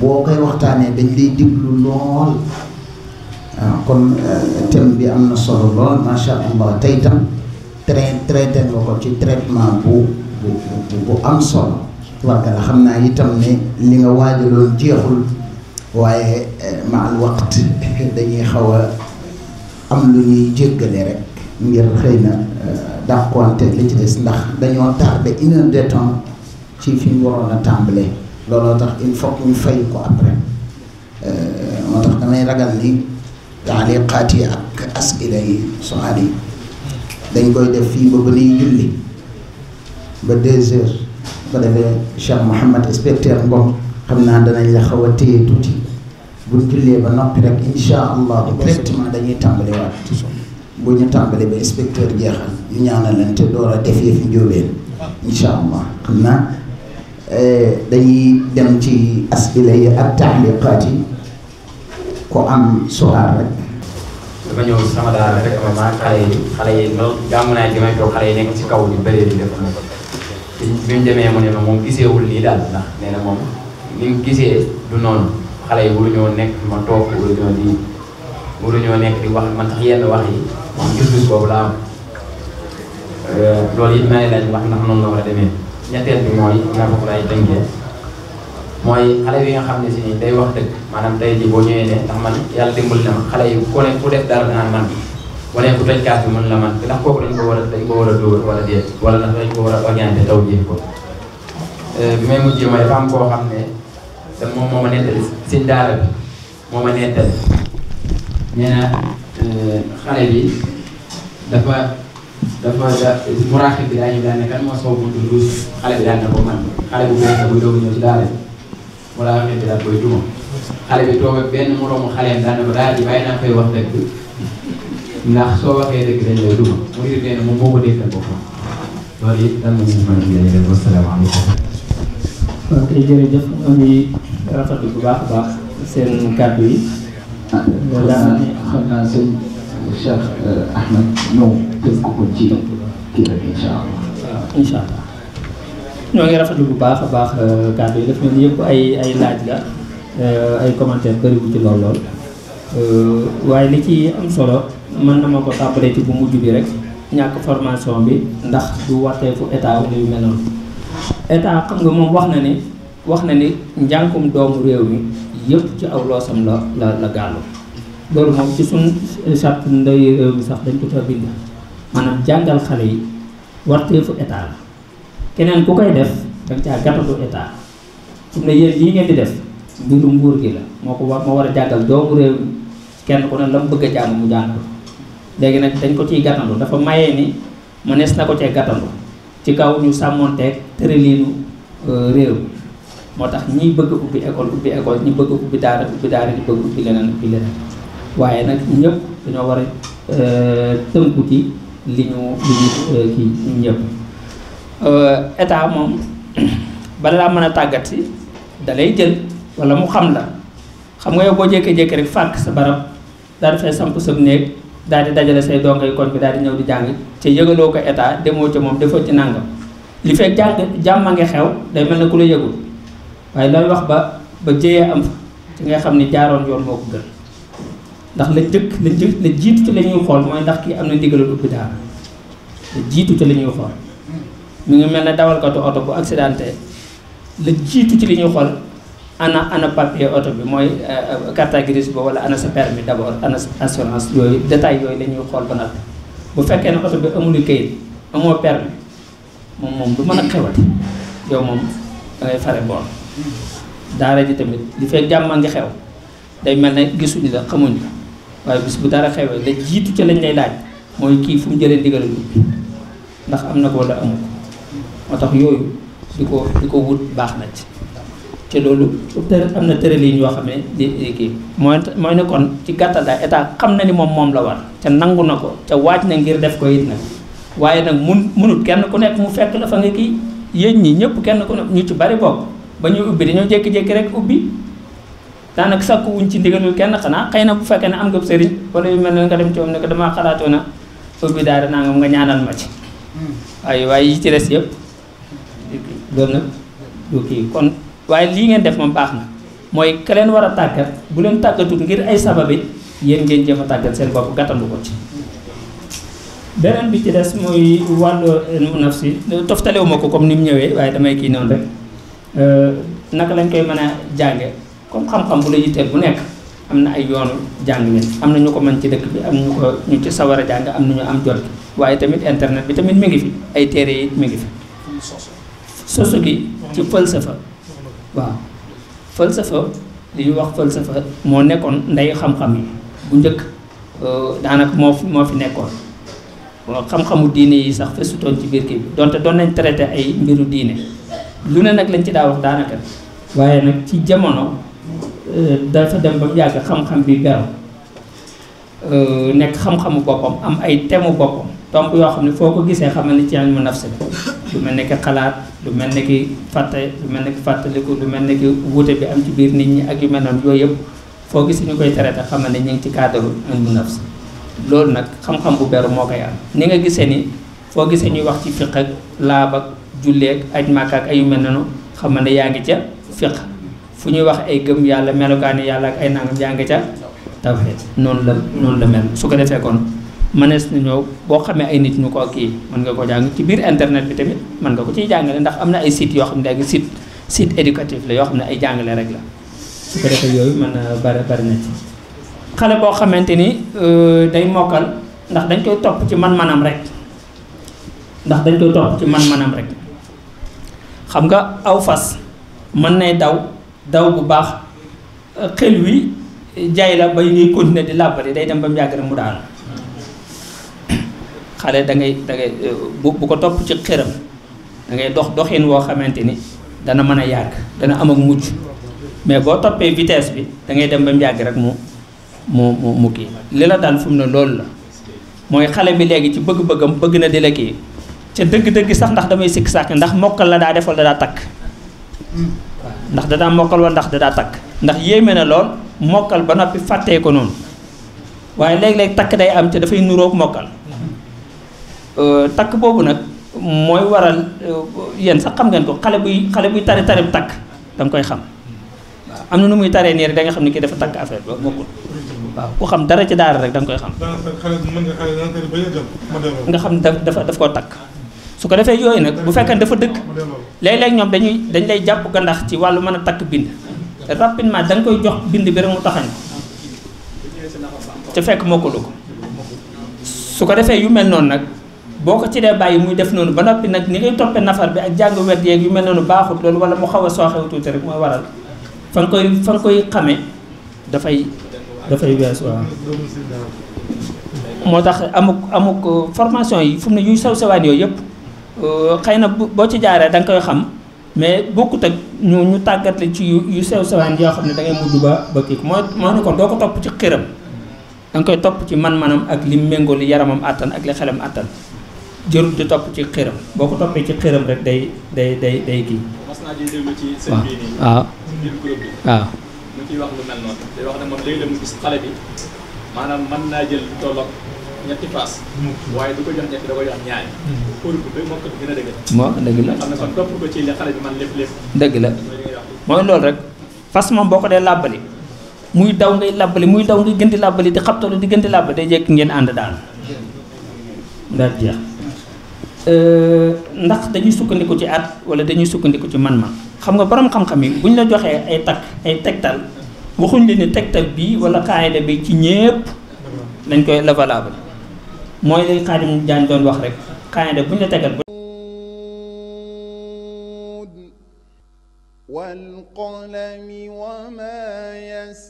boo koy waxtaanee dañ lay diglu lool kon euh, thème bi am na solo lool macha allah tey tam trai traité nga ko ci traitement bu bu bu am sol warga la xam naa itam ne li nga waajaloon jeexul waaye euh, ma al waqt dañuy xaw a am lu ñuy jéggale rek ngir xëy na euh, dàqonte li ci des ndax dañoo tardé une heure de temps ci fi ñu waroon a tàmbalee looloo tax il faut que ñu fay ko après euh, moo tax damay ragal ni taaliqaat ak asila yi soal yi dañ koy def fii ba ba nuy julli ba deux heures ba defee Cheikh Mouhamed inspecteur Ngom xam naa danañ la xaw a téye tuuti bu jullee ba noppi rek insha allahu directement dañuy tàmbali waat bu ñu tàmbali ba inspecteur jeexal ñu ñaanalante door a def yëfi njóobeen insha allah xam naa eh, dañuy ci asila yi ak taxliqaat yi ko am soxaar rek dama ñëw sama ma xale yi xale yi loolu jàmm naa li may toog xale yi nekk ci kaw ñu bëree di def moom bi mu demee mu ne moom giseewul lii daal ndax na moom ni gisee du noonu xale yi waruñoo nekk ma toog waruñoo di waruñoo nekk di wax man tax yenn wax yi man gis-gis boobu la am euh, loolu it may laaj wax ndax noonu la war a demee ñetteel bi mooy nga foofu lay tënkee mooy xale yi nga xam ne si day wax dëgg maanaam tey jii boo ñëwee ne ndax man yàlla dimbali na ma xale yi ku ne ku def dara danaan man wane toj kaas bi mën la man ndax kooku dañ ko war a dañ ko war a dóor wala déet wala ndax dañ war a orienté taw jéem ko euh, bi may mujjee mooy dafa koo xam te moom moo ma nettali sëñ daara bi moo ma nettali nee na euh, xale bi dafa dafa da muraaxib bi daañu daan ne kan moo soow buntu duus xale bi daan ne ko man xale bu góor buy doog ñëw ci daara bi daan koy duma xale bi toog ak benn daan ne ko daal di bàyyi naa koy wax dëgg ndax soo waxee dëgg dañ lay duma mu ngi nee na moom moo ko déggal boppam loolu it na ñu mën a jëlee wasalaamaaleykum. waaw kay jërëjëf am rafetlu bu baax a baax seen kàddu yi. daanaka ah, xam naa sëñ euh, waaw incha allah ñoo ngi rafetlu bu baax a baax euh, kàddu yi daf mel ni yëpp ay ay laaj la euh, ay commentaire bëriwu ci lool lool. waaye li ci am solo mën na ma ko tàmbalee ci bu mujj bi rek ñàkk formation bi ndax du warteefu état wu mel noonu état xam nga moom wax na ne. wax na ni njàngum doomu réew mi yëpp ci aw loosam la la la gàllu loolu moom ci suñ charte nday réew mi sax dañ ko ca bind maanaam jàngal xale yi warteefu état la keneen ku koy def danga caa gàttatu état su ne yéen lii ngeen di def mbiru nguur gi la moo ko war moo war a jàngal doomu réew mi kenn ku ne la mu bëgg a jàng mu jàng léegi nag dañ ko ciy gàttandu dafa mayee ni mënees na ko cee gàttandu ci kaw ñu sàmmoonteeg tërëliinu euh, réew moo tax ñi bëgg ubbi école ubbi école ñi bëgg ubbi daara ubbi daara ñi bëgg ubbi leneen ubbi leneen waaye nag ñëpp dañoo war a euh, tënku ci li ñu li ñu euh, kii ñëpp euh, état moom bala laa mën a tàggat si da lay jël wala mu xam la xam nga yow boo jékkee-jékkee rek fàkk sa barab daal di samp sam néeg daal di dajale say dongay kon bi daal di ñëw di jàng te yëgaloo ko état demoo ci moom defoo ci nangam li fekk jàng jàmm a ngi xew day mel ne ku la yëgul waaye looy wax ba ba jëyee am fa ci nga xam ni jaaroon yoon moo ko gën ndax la jëkk la la jiitu ci la ñuy xool mooy ndax kii am na ndigalul ubbi jiitu la ñuy xool mu ngi mel ne dawalkatu oto bu accidenté la jiitu ci li ñuy xool ana ana papier oto bi mooy euh, carte grise ba wala ana sa permis d'abord ana assurance yooyu détail yooyu la ñuy xool ba nag bu fekkee ne oto bi amul kayit amoo permis moom moom du mën a xewati yow moom dangay fare bool daara ji tamit li fekk jàmma ngi xew day mel ne gisuñu la xamuñ la waaye bis bu dara xewee la jiitu ci lañ lay laaj mooy kii fu mu jëlee ndigal bi ndax am na ko wala amu moo tax yooyu di ko di ko wut baax na ci te loolu tër am na tërëlin yoo xam ne di kii mooy mooy ne ci gàttal daal état xam na ni moom moom la war te nangu na ko te waaj na ngir def ko it nag waaye nag mun munut kenn ku nekk mu fekk la fa nga kii yéen ñi ñëpp kenn ku ñu ci bari bokk ba ñuy ubbi dañoo jékki-jékki rek ubbi daanak sakku wuñ ci ndigalul kenn xanaa xëy na bu fekkee ne am nga sëriñ wala yu mel ne nga dem ci moom ne ko damaa xalaatoon na ubbi daara nangam nga ñaanal ma ci. waaye hmm. waaye yi ci des yëpp loolu kii kon waaye lii ngeen def moom baax na mooy ka leen war a tàggat bu leen tàggatut ngir ay sababi yéen ngeen jéem a tàggat seen bopp gàttandu ko ci. beneen bi ci des mooy wàllu nafsi toftalewu ma ko comme ni mu ñëwee waaye damay kii noonu rek. Euh, naka lañ koy mën a jànge comme xam-xam bu la yitteel bu nekk am na ay yoonu jàng leen am na ñu ko mën ci dëkk bi am ñu ko ñu ci sawar a jàng am na ñu am jot waaye tamit internet bi tamit mi ngi fi ay téere yi mi ngi fi sosu gi ci falsafa waaw falsafa li ñu wax falsafa moo nekkoon ndey xam-xam yi bu njëkk euh, daanaka moo fi moo fi nekkoon xam-xamu diine yi sax fesutoon ci biir kii bi donte doon nañ traité ay mbiru diine lu ne nag lañ ci daa wax daanaka waaye nag ci jamono euh, dafa dem ba mu yàgg xam-xam bi beru euh, nekk xam-xamu boppam am ay temu boppam tomb yoo xam ne foo ko gisee xamal ni ci ilmu nafs la lu mel ne ki xalaat lu mel ne ki fàtte lu mel ne ki fàttaliku lu mel ne ki wuute am ci biir nit ñi ak yu mel noonu yooyu yëpp foo gis ñu koy traité xamal ne ñu ngi ci cadre ilmu nafs loolu nag xam-xam bu beru moo koy am ni nga gisee ni foo gisee ñuy wax ci fiq ak laab ak julleeg aj màkk ak ayu mel noonu xam ne yaa ngi ca fiq fu ñuy wax ay gëm yàlla melokaani yàlla ak ay nangam yaa ngi ca tawhid noonu la noonu la mel su ko defee kon mënees nañoo boo xamee ay nit ñu ko kii mën nga ko jàng ci biir internet bi tamit mën nga ko ciy jàngale ndax am na ay site yoo xam ne léegi site site éducatif la yoo xam ne ay jàngale rek la su ko defee yooyu mën na bari bari na ci xale boo xamante ni euh, day mokkal ndax dañ koy topp ci man-manam rek ndax dañ koy topp man-manam rek xam nga aw fas mën nay daw daw bu baax xel wi jaay la ba ngay continuer di làbbali day dem ba mu yàgg rek mu daanu xale da ngay bu bu ko topp ci xëram dangay dox doxin woo xamante ni dana mën a yàgg dana am ak mujj mais boo toppee vitesse bi dangay dem ba mu yàgg rek mu mu mu kii li la daan fum na ne loolu la mooy xale bi léegi ci bëgg-bëggam bëgg na di la ca dëgg-dëgg sax ndax damay sikk sàkk ndax mokkal la daa defal da daa takk ndax da mokkal wala ndax dadaa takk ndax yéeme na lool mokkal ba noppi fàttee ko noonu waaye léeg-léeg takk day am ca dafay nurook mokkal euh, takk boobu nag mooy waral euh, yéen sax xam ngeen ko xale buy xale buy tari tari bu takk danga koy xam waaw am na muy taree nii rek nga xam ne kii dafa takk affaire ba bokkul waaw xam dara ci daara rek da koy xam. nga xam ne dafa dafa koo takk. su ko defee yooyu nag bu fekkee dafa dëkk léeg-léeg ñoom dañuy dañ lay jàpp gandax ci wàllu man a takk bind rapidement da nga koy jox bind bi rek mu taxañ te fekk mokkalu ko su ko defee yu mel noonu nag boo ko ci dee bàyyi muy def noonu ba noppi nag ni ngay toppee nafar bi ak jàng wet yeeg yu mel noonu baaxut loolu wala mu xaw a sooxew tuuti rek mooy waral fa nga koy fa nga koy xamee dafay dafay wees waaw moo tax amuk amuk formation yi fu mu ne yuy saw sawaan yooyu yëpp Euh, xëy na boo ci jaaree da nga koy xam mais bokkut ak ñu ñu tàggat ci yu sew sewaan yoo xam ne da ngay ba ba kii moo moo ne ko doo ko topp ci xiram da koy topp ci man-manam ak li méngoo li yaramam àttan ak li xelam àttan jërul di topp ci xiram boo ko toppee ci xiram rek day day day day kii. mas naa ci seen bii nii waaw waaw bi maanaam mën naa jël lu ñetti waaye du ko jox ñetti da ko hmm. moo dëgg la ko ci li xale dëgg la mooy loolu rek fas moom boo ko dee làbbali muy daw ngay làbbali muy daw ngay gën di làbbali di xabtalu di gën di làbbali day jekk ngeen ànd daal. Euh, ndax dañuy sukkandiku ci at wala dañuy sukkandiku ci man ma xam nga borom xam-xam yi bu ñu la joxee ay takk ay tegtal waxuñ leen ne tegtal bii wala xaayida bi ci ñépp dañ koy la valable mooy li Xaadim Jaan doon wax rek xaayande buñ la tegal bu wal qalami wa ma yas